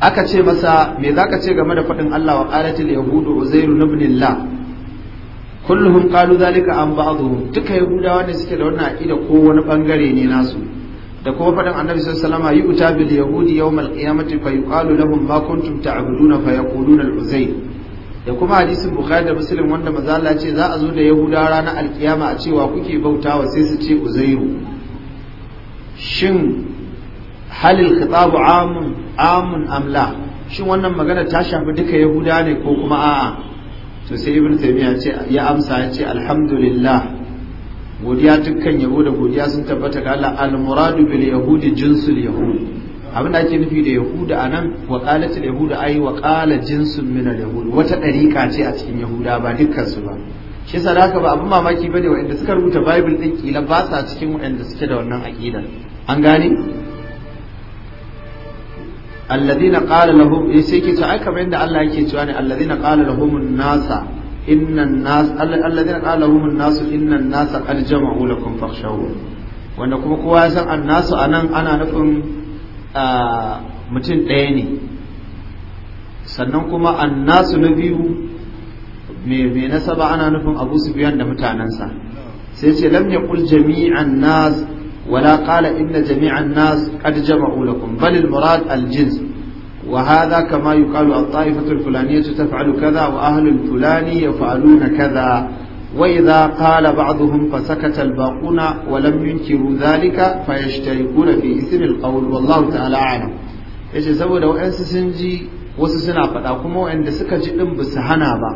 A: aka ce masa me za ka ce game da faɗin Allah wa da yahudu uzairu ibn Allah Kullum qalu zalika an ba'dhum duka yahudawa ne suke da wannan aƙida ko wani ɓangare ne nasu da kuma faɗin annabi sun salama, yi uta bil yahudi mal ƙiyamati fa yuqalu lahum ma kuntum ta'buduna fa yaquluna al-uzair da kuma hadisin bukhari da muslim wanda maza ce za a zo da yahudawa ranar alkiyama a cewa kuke bautawa sai su ce uzairu shin halil khitabu amun amun amla shin wannan magana ta shafi duka yahuda ne ko kuma a'a to sai ibn taymiya ce ya amsa ya ce alhamdulillah godiya dukkan Yahuda godiya sun tabbata ga Allah al muradu bil yahudi jinsul yahud abin da ake nufi da yahuda anan wa qalatul yahuda ay wa qala jinsun min al yahud wata dariqa ce a cikin yahuda ba dukkan su ba shi yasa da ba abin mamaki ba ne wa'inda suka rubuta bible din kila ba sa cikin wa'inda suke da wannan aqidar an gane alladhina qala lahum eh, sai ke cewa aka da Allah yake cewa ne alladhina qala lahum an-nasa inna an-nas alladhina qala lahum an innan inna an-nasa qad jama'u lakum fakhshawhum wanda kuma kowa ya san annasu anan ana nufin mutum ɗaya ne sannan kuma annasu na biyu mai nasaba ana nufin abu sufyan da mutanensa sai ce lam yaqul jami'an nas wala qala inna jami'an nas qad jama'u lakum bal al murad al jins wa hadha kama yuqalu al ta'ifatu al fulaniyatu taf'alu kadha wa ahlu al fulani yaf'aluna kadha وإذا قال بعضهم فسكت الباقون ولم ينكروا ذلك فيشتركون في إثم القول wallahu ta'ala أعلم yace saboda wa'ansu sun ji wasu suna faɗa kuma wa'anda suka ji ɗin ba su hana ba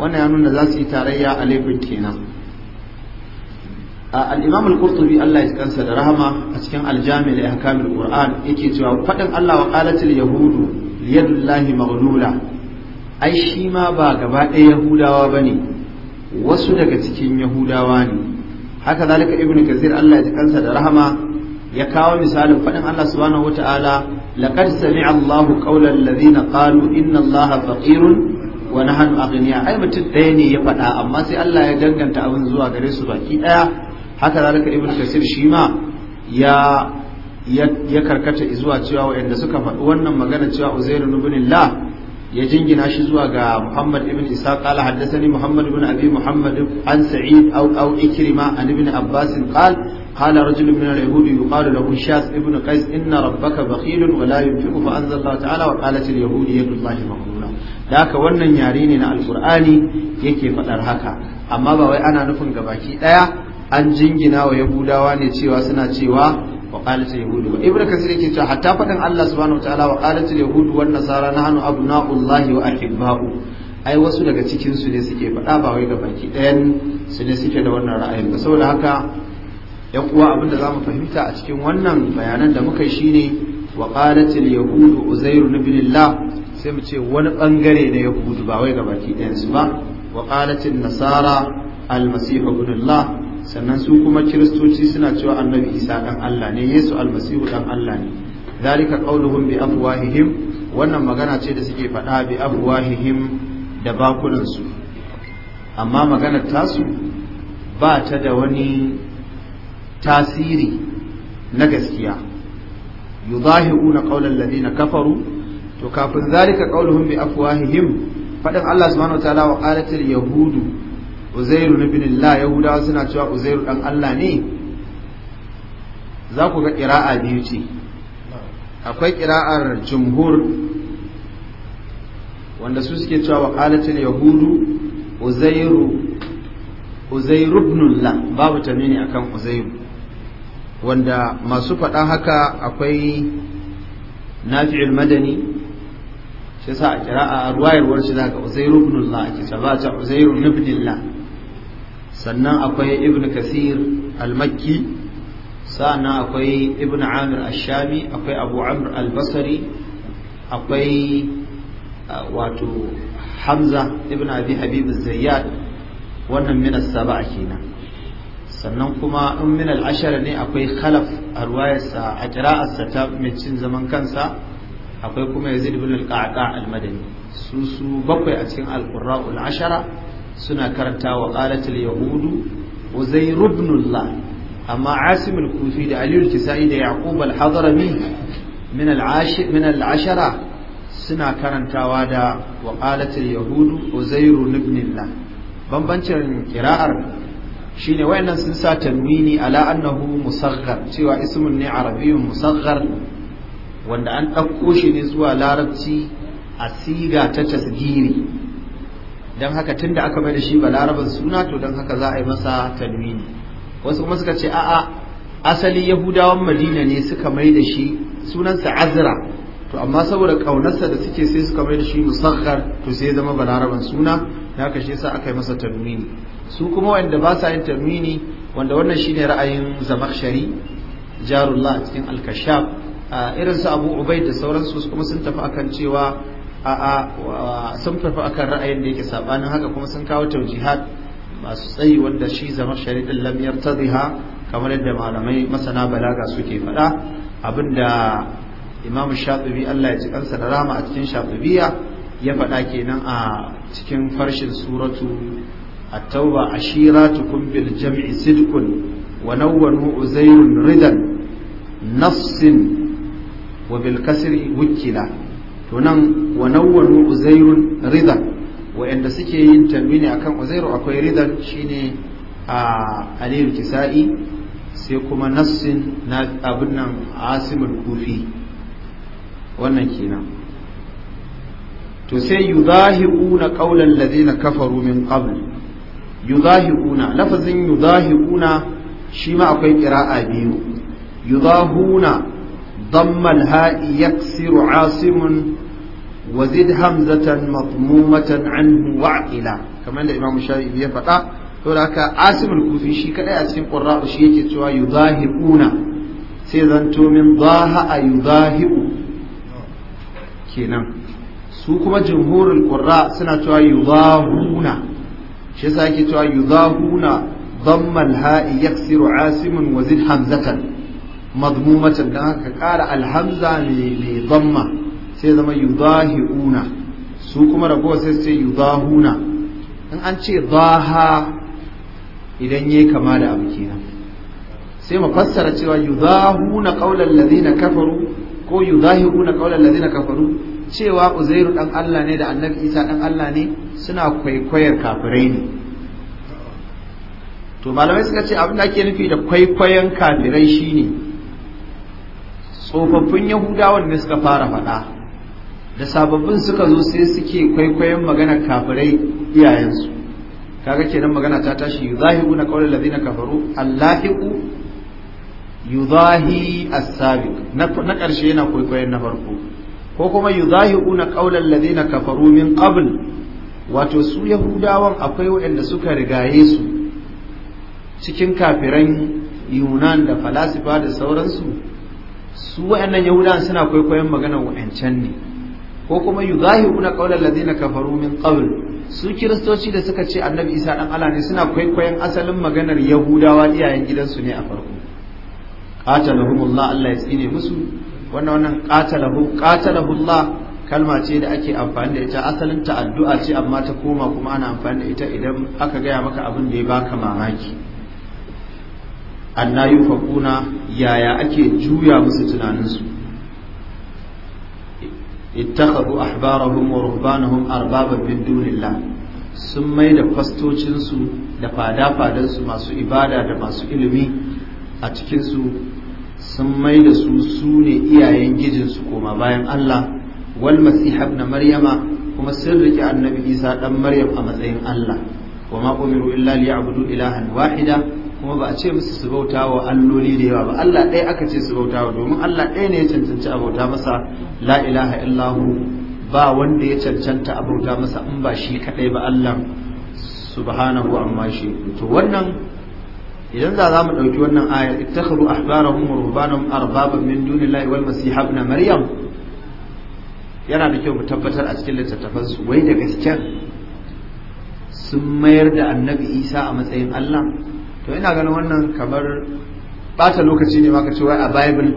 A: wannan ya nuna za su yi tarayya a laifin kenan A imam al-qurtubi Allah ya kansa da rahama a cikin al-jami' li qur'an yake cewa fadin Allah wa qalatil yahudu liyadullahi maghlula ai shi ma ba gaba ɗaya yahudawa bane wasu daga cikin yahudawa ne haka zalika ibnu kasir Allah ya kansa da rahama ya kawo misalin fadin Allah subhanahu wata'ala laqad sami'a Allahu qawla alladhina qalu inna Allaha faqirun Wani hannu nahnu aghniya ai mutum ɗaya ne ya faɗa amma sai Allah ya danganta abin zuwa gare su baki ɗaya haka zalika ibnu kasir shi ma ya ya karkata zuwa cewa waɗanda suka faɗi wannan magana cewa uzairu ibn ya jingina shi zuwa ga Muhammad ibn Isa qala haddathani Muhammad ibn Abi Muhammad an Sa'id aw aw Ikrima an ibn Abbas qala قال رجل من اليهود يقال له شاس ابن قيس إن ربك بخيل ولا ينفق فأنزل الله تعالى وقالت اليهود يد الله مغلولة ذاك wannan yare ne na alqur'ani yake fadar haka amma ba wai ana nufin gabaki daya an jingina wa yahudawa ne cewa suna cewa wa qalat yahud wa ibnu kasir yake cewa hatta faɗan Allah subhanahu wa ta'ala wa qalat yahud wan nasara nahnu abna'ullahi wa ahibba'u ai wasu daga cikin su ne suke faɗa ba wai gabaki ɗayan su ne suke da wannan ra'ayin ba saboda haka yan uwa abinda za mu fahimta a cikin wannan bayanan da muka yi shine wa qalatil yahudu uzairu ibn sai mu ce wani bangare na yahudu ba wai gabaki ɗayan su ba wa qalatil nasara almasih ibn allah sannan su kuma kiristoci suna cewa annabi isa dan allah ne yesu almasihu dan allah ne zalika qauluhum bi afwahihim wannan magana ce da suke faɗa bi afwahihim da bakunansu amma maganar tasu ba ta da wani tasiri na gaskiya yudahiruna qaulal ladina kafaru to kafin zalika qauluhum bi afwahihim fadan Allah subhanahu ta'ala wa al yahudu uzairu ibn Allah yahudawa suna cewa uzairu dan Allah ne za ku ga qira'a biyu ce akwai qira'ar jumhur wanda su suke cewa wa al yahudu uzairu uzairu ibn Allah babu tamini akan uzairu wanda masu faɗa haka akwai nafi'ul madani shi sa a a ruwayarwar shi zaka uzairu ibn Allah ake sabata uzairu ibn Allah sannan akwai ibn kasir al-makki sannan akwai ibn amir ash-shami akwai abu amr al-basri akwai wato hamza ibn abi habib az-zayyad wannan min as-saba'a kenan sannan kuma in min al'ashara ne akwai khalaf a ruwayarsa a ƙira'arsa ta mai cin zaman kansa akwai kuma yazid ibn al-qaqa al-madani su su bakwai a cikin al-qurra'ul ashara suna karanta wa yahudu uzair ibn amma asim al-kufi da Aliyu al-kisai da yaqub al min al ashara suna karantawa da wa yahudu uzair ibn allah bambancin ƙira'ar. Shi shine wayannan sun sa tanwini ala annahu musaghar cewa ismun ne arabiyyun musaghar wanda an ɗauko shi ne zuwa larabci a siga ta tasgiri don haka tunda aka mai da shi ba suna to don haka za a yi masa tanwini wasu kuma suka ce a'a asali yahudawan madina ne suka mai da shi sunansa azra to amma saboda ƙaunarsa da suke sai suka mai da shi musaghar to sai ya zama balarabin suna da haka shi yasa aka yi masa tanwini su kuma wanda ba sa yin tamini wanda wannan shine ra'ayin zamakshari jarullah cikin al-kashaf irin su abu ubaid da sauransu kuma sun tafi akan cewa a'a sun tafi akan ra'ayin da yake sabanin haka kuma sun kawo taujihad masu tsayi wanda shi zama lamiyar ta ziha kamar yadda malamai masana balaga suke faɗa abinda imamu shafi'i Allah ya ji kansa da rama a cikin shafi'iyya ya faɗa kenan a cikin farshin suratu التوبة عشيراتكم بالجمع صدق ونوره أزير ردا نص وبالكسر وكلا تنم ونوره أزير ردا وإن سكي تنويني أكم أزير أكوي ردا شيني علي الكسائي سيكما نص أبنا عاصم الكوفي wannan kenan to sai yuzahiquna qawlan ladina kafaru min qabl yuzahiquna lafazin yuzahiquna shi ma akwai qira'a biyu yuzahuna damma al yaksiru asimun wa zid hamzatan matmumatan anhu wa'ila kamar da imam shafi'i ya faɗa to da haka asimul kufi shi kadai a cikin qurra'u shi yake cewa yuzahiquna sai zanto min dhaha yuzahiqu kenan su kuma jumhurul qurra suna cewa yuzahuna shi yasa yake cewa yuzahuna dhamma hai yaksiru asimun wa zid hamzatan madmumatan dan haka kara alhamza mai dhamma sai zama yudahiuna su kuma ragowa sai sai yuzahuna in an ce dhaha idan yayi kama da abu kenan sai mu fassara cewa yuzahuna qaulal ladina kafaru ko yudahuna qaulal ladina kafaru cewa uzairu dan Allah ne da annabi Isa dan Allah ne suna kwaikwayar kafirai ne to malamai suka ce abin da ake nufi da kwaikwayon kafirai shine tsofaffin yahudawan da suka fara faɗa da sababbin suka zo sai suke kwaikwayon magana kafirai iyayensu kaga kenan magana ta tashi yuzahibu na qawla allazina kafaru allahiqu yuzahi as na karshe yana kwaikwayon na farko ko kuma yuzahibu na qawla na kafaru min qabl wato su yahudawan akwai waɗanda suka rigaye su cikin kafiran yunan da falasifa da sauransu su waɗannan yahudawan suna kwaikwayon maganar waɗancan ne ko kuma ƙaunar qawlal na kafaru min qabl su kiristoci da suka ce annabi isa dan ala ne suna kwaikwayon asalin maganar yahudawa iyayen gidansu ne a farko qatalahumullah Allah ya tsine musu wannan wannan qatalahu kalma ce da ake amfani da ita asalin ta addu'a ce amma ta koma kuma ana amfani da ita idan aka gaya maka abin da ya baka mamaki anna yufakuna yaya ake juya musu tunaninsu ittakhadhu ahbarahum wa ruhbanahum arbaba min dunillah sun mai da fastocinsu da fada-fadansu masu ibada da masu ilimi a cikinsu sun mai da su su ne iyayen gijinsu koma bayan Allah wal masih ibn maryama kuma sun rike annabi isa dan maryam a matsayin allah wa ma umiru illa ilahan wahida kuma ba a ce musu su bauta wa alloli da yawa ba Allah ɗaya aka ce su bauta wa domin Allah ɗaya ne ya cancanci a bauta masa la ilaha illahu ba wanda ya cancanta a bauta masa in ba shi kaɗai ba Allah subhanahu amma shi to wannan idan za za mu ɗauki wannan ayar ittakhadhu ahbarahum wa rubbanahum arbaban min dunillahi wal masih ibn maryam yana da kyau mu tabbatar a cikin littattafan su wai da gasken sun mayar da annabi isa a matsayin allah to ina ganin wannan kamar bata lokaci ne maka cewa a bible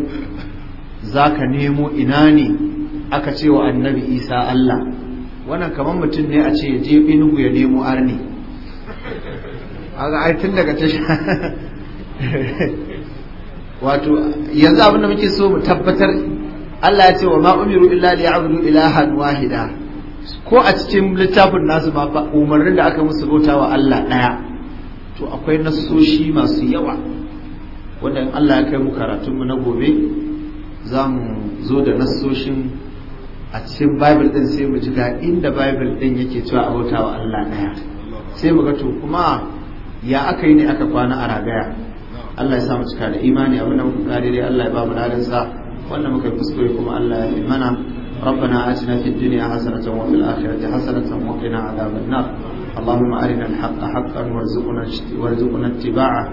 A: za ka nemo ina ne aka ce wa annabi isa allah wannan kamar mutum ne a ce ya je inugu ya nemo arni ai tun daga tashi wato yanzu abin da muke so mu tabbatar Allah ya ce wa ma'umiru umiru illa li ya'budu ilahan wahida ko a cikin littafin nasu ba umarnin da aka musu bauta wa Allah ɗaya to akwai nasoshi masu yawa wanda in Allah ya kai mu karatun mu na gobe za mu zo da nasoshin a cikin Bible din sai mu ji ga inda Bible din yake cewa a bauta wa Allah ɗaya sai mu ga to kuma ya aka yi ne aka kwana a ragaya Allah ya sa mu cika da imani abin da muka kare dai Allah ya ba mu ladan sa wannan muka kuskure kuma Allah ya mana ربنا آتنا في الدنيا حسنة وفي الآخرة حسنة وقنا عذاب النار اللهم أرنا الحق حقا وارزقنا وارزقنا اتباعه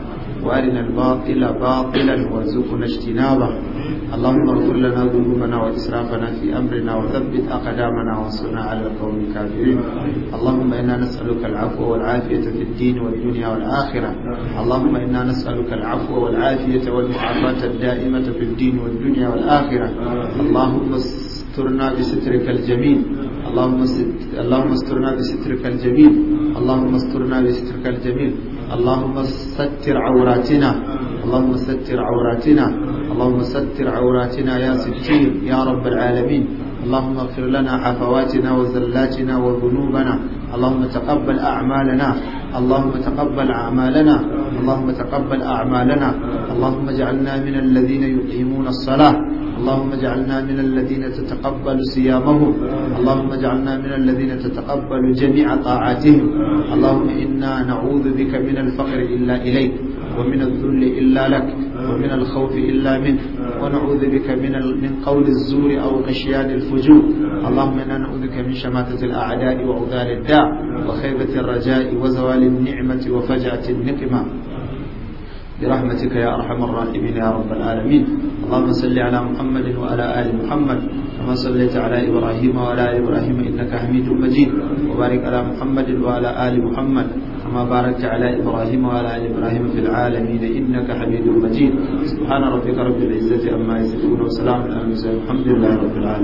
A: وارنا الباطل باطلا وارزقنا اجتنابه اللهم اغفر لنا ذنوبنا واسرافنا في امرنا وثبت اقدامنا وانصرنا على القوم الكافرين اللهم انا نسالك العفو والعافيه في الدين والدنيا والاخره اللهم انا نسالك العفو والعافيه والمعافاه الدائمه في الدين والدنيا والاخره اللهم استرنا بسترك الجميل اللهم ست... اللهم استرنا بسترك الجميل اللهم استرنا بسترك الجميل اللهم ستر عوراتنا اللهم ستر عوراتنا اللهم ستر عوراتنا يا ستير يا رب العالمين اللهم اغفر لنا عفواتنا وزلاتنا وذنوبنا اللهم تقبل أعمالنا اللهم تقبل أعمالنا اللهم تقبل أعمالنا اللهم اجعلنا من الذين يقيمون الصلاة اللهم اجعلنا من الذين تتقبل صيامهم اللهم اجعلنا من الذين تتقبل جميع طاعاتهم اللهم إنا نعوذ بك من الفقر إلا إليك ومن الذل إلا لك ومن الخوف إلا منك ونعوذ بك من من قول الزور أو غشيان الفجور اللهم إنا نعوذ بك من شماتة الأعداء وعذال الداع وخيبة الرجاء وزوال النعمة وفجعة النقمة برحمتك يا أرحم الراحمين يا رب العالمين اللهم صل على محمد وعلى آل محمد كما صليت على إبراهيم وعلى آل إبراهيم إنك حميد مجيد وبارك على محمد وعلى آل محمد كما باركت على إبراهيم وعلى آل إبراهيم في العالمين إنك حميد مجيد سبحان ربك رب العزة عما يصفون وسلام على المرسلين والحمد لله
C: رب العالمين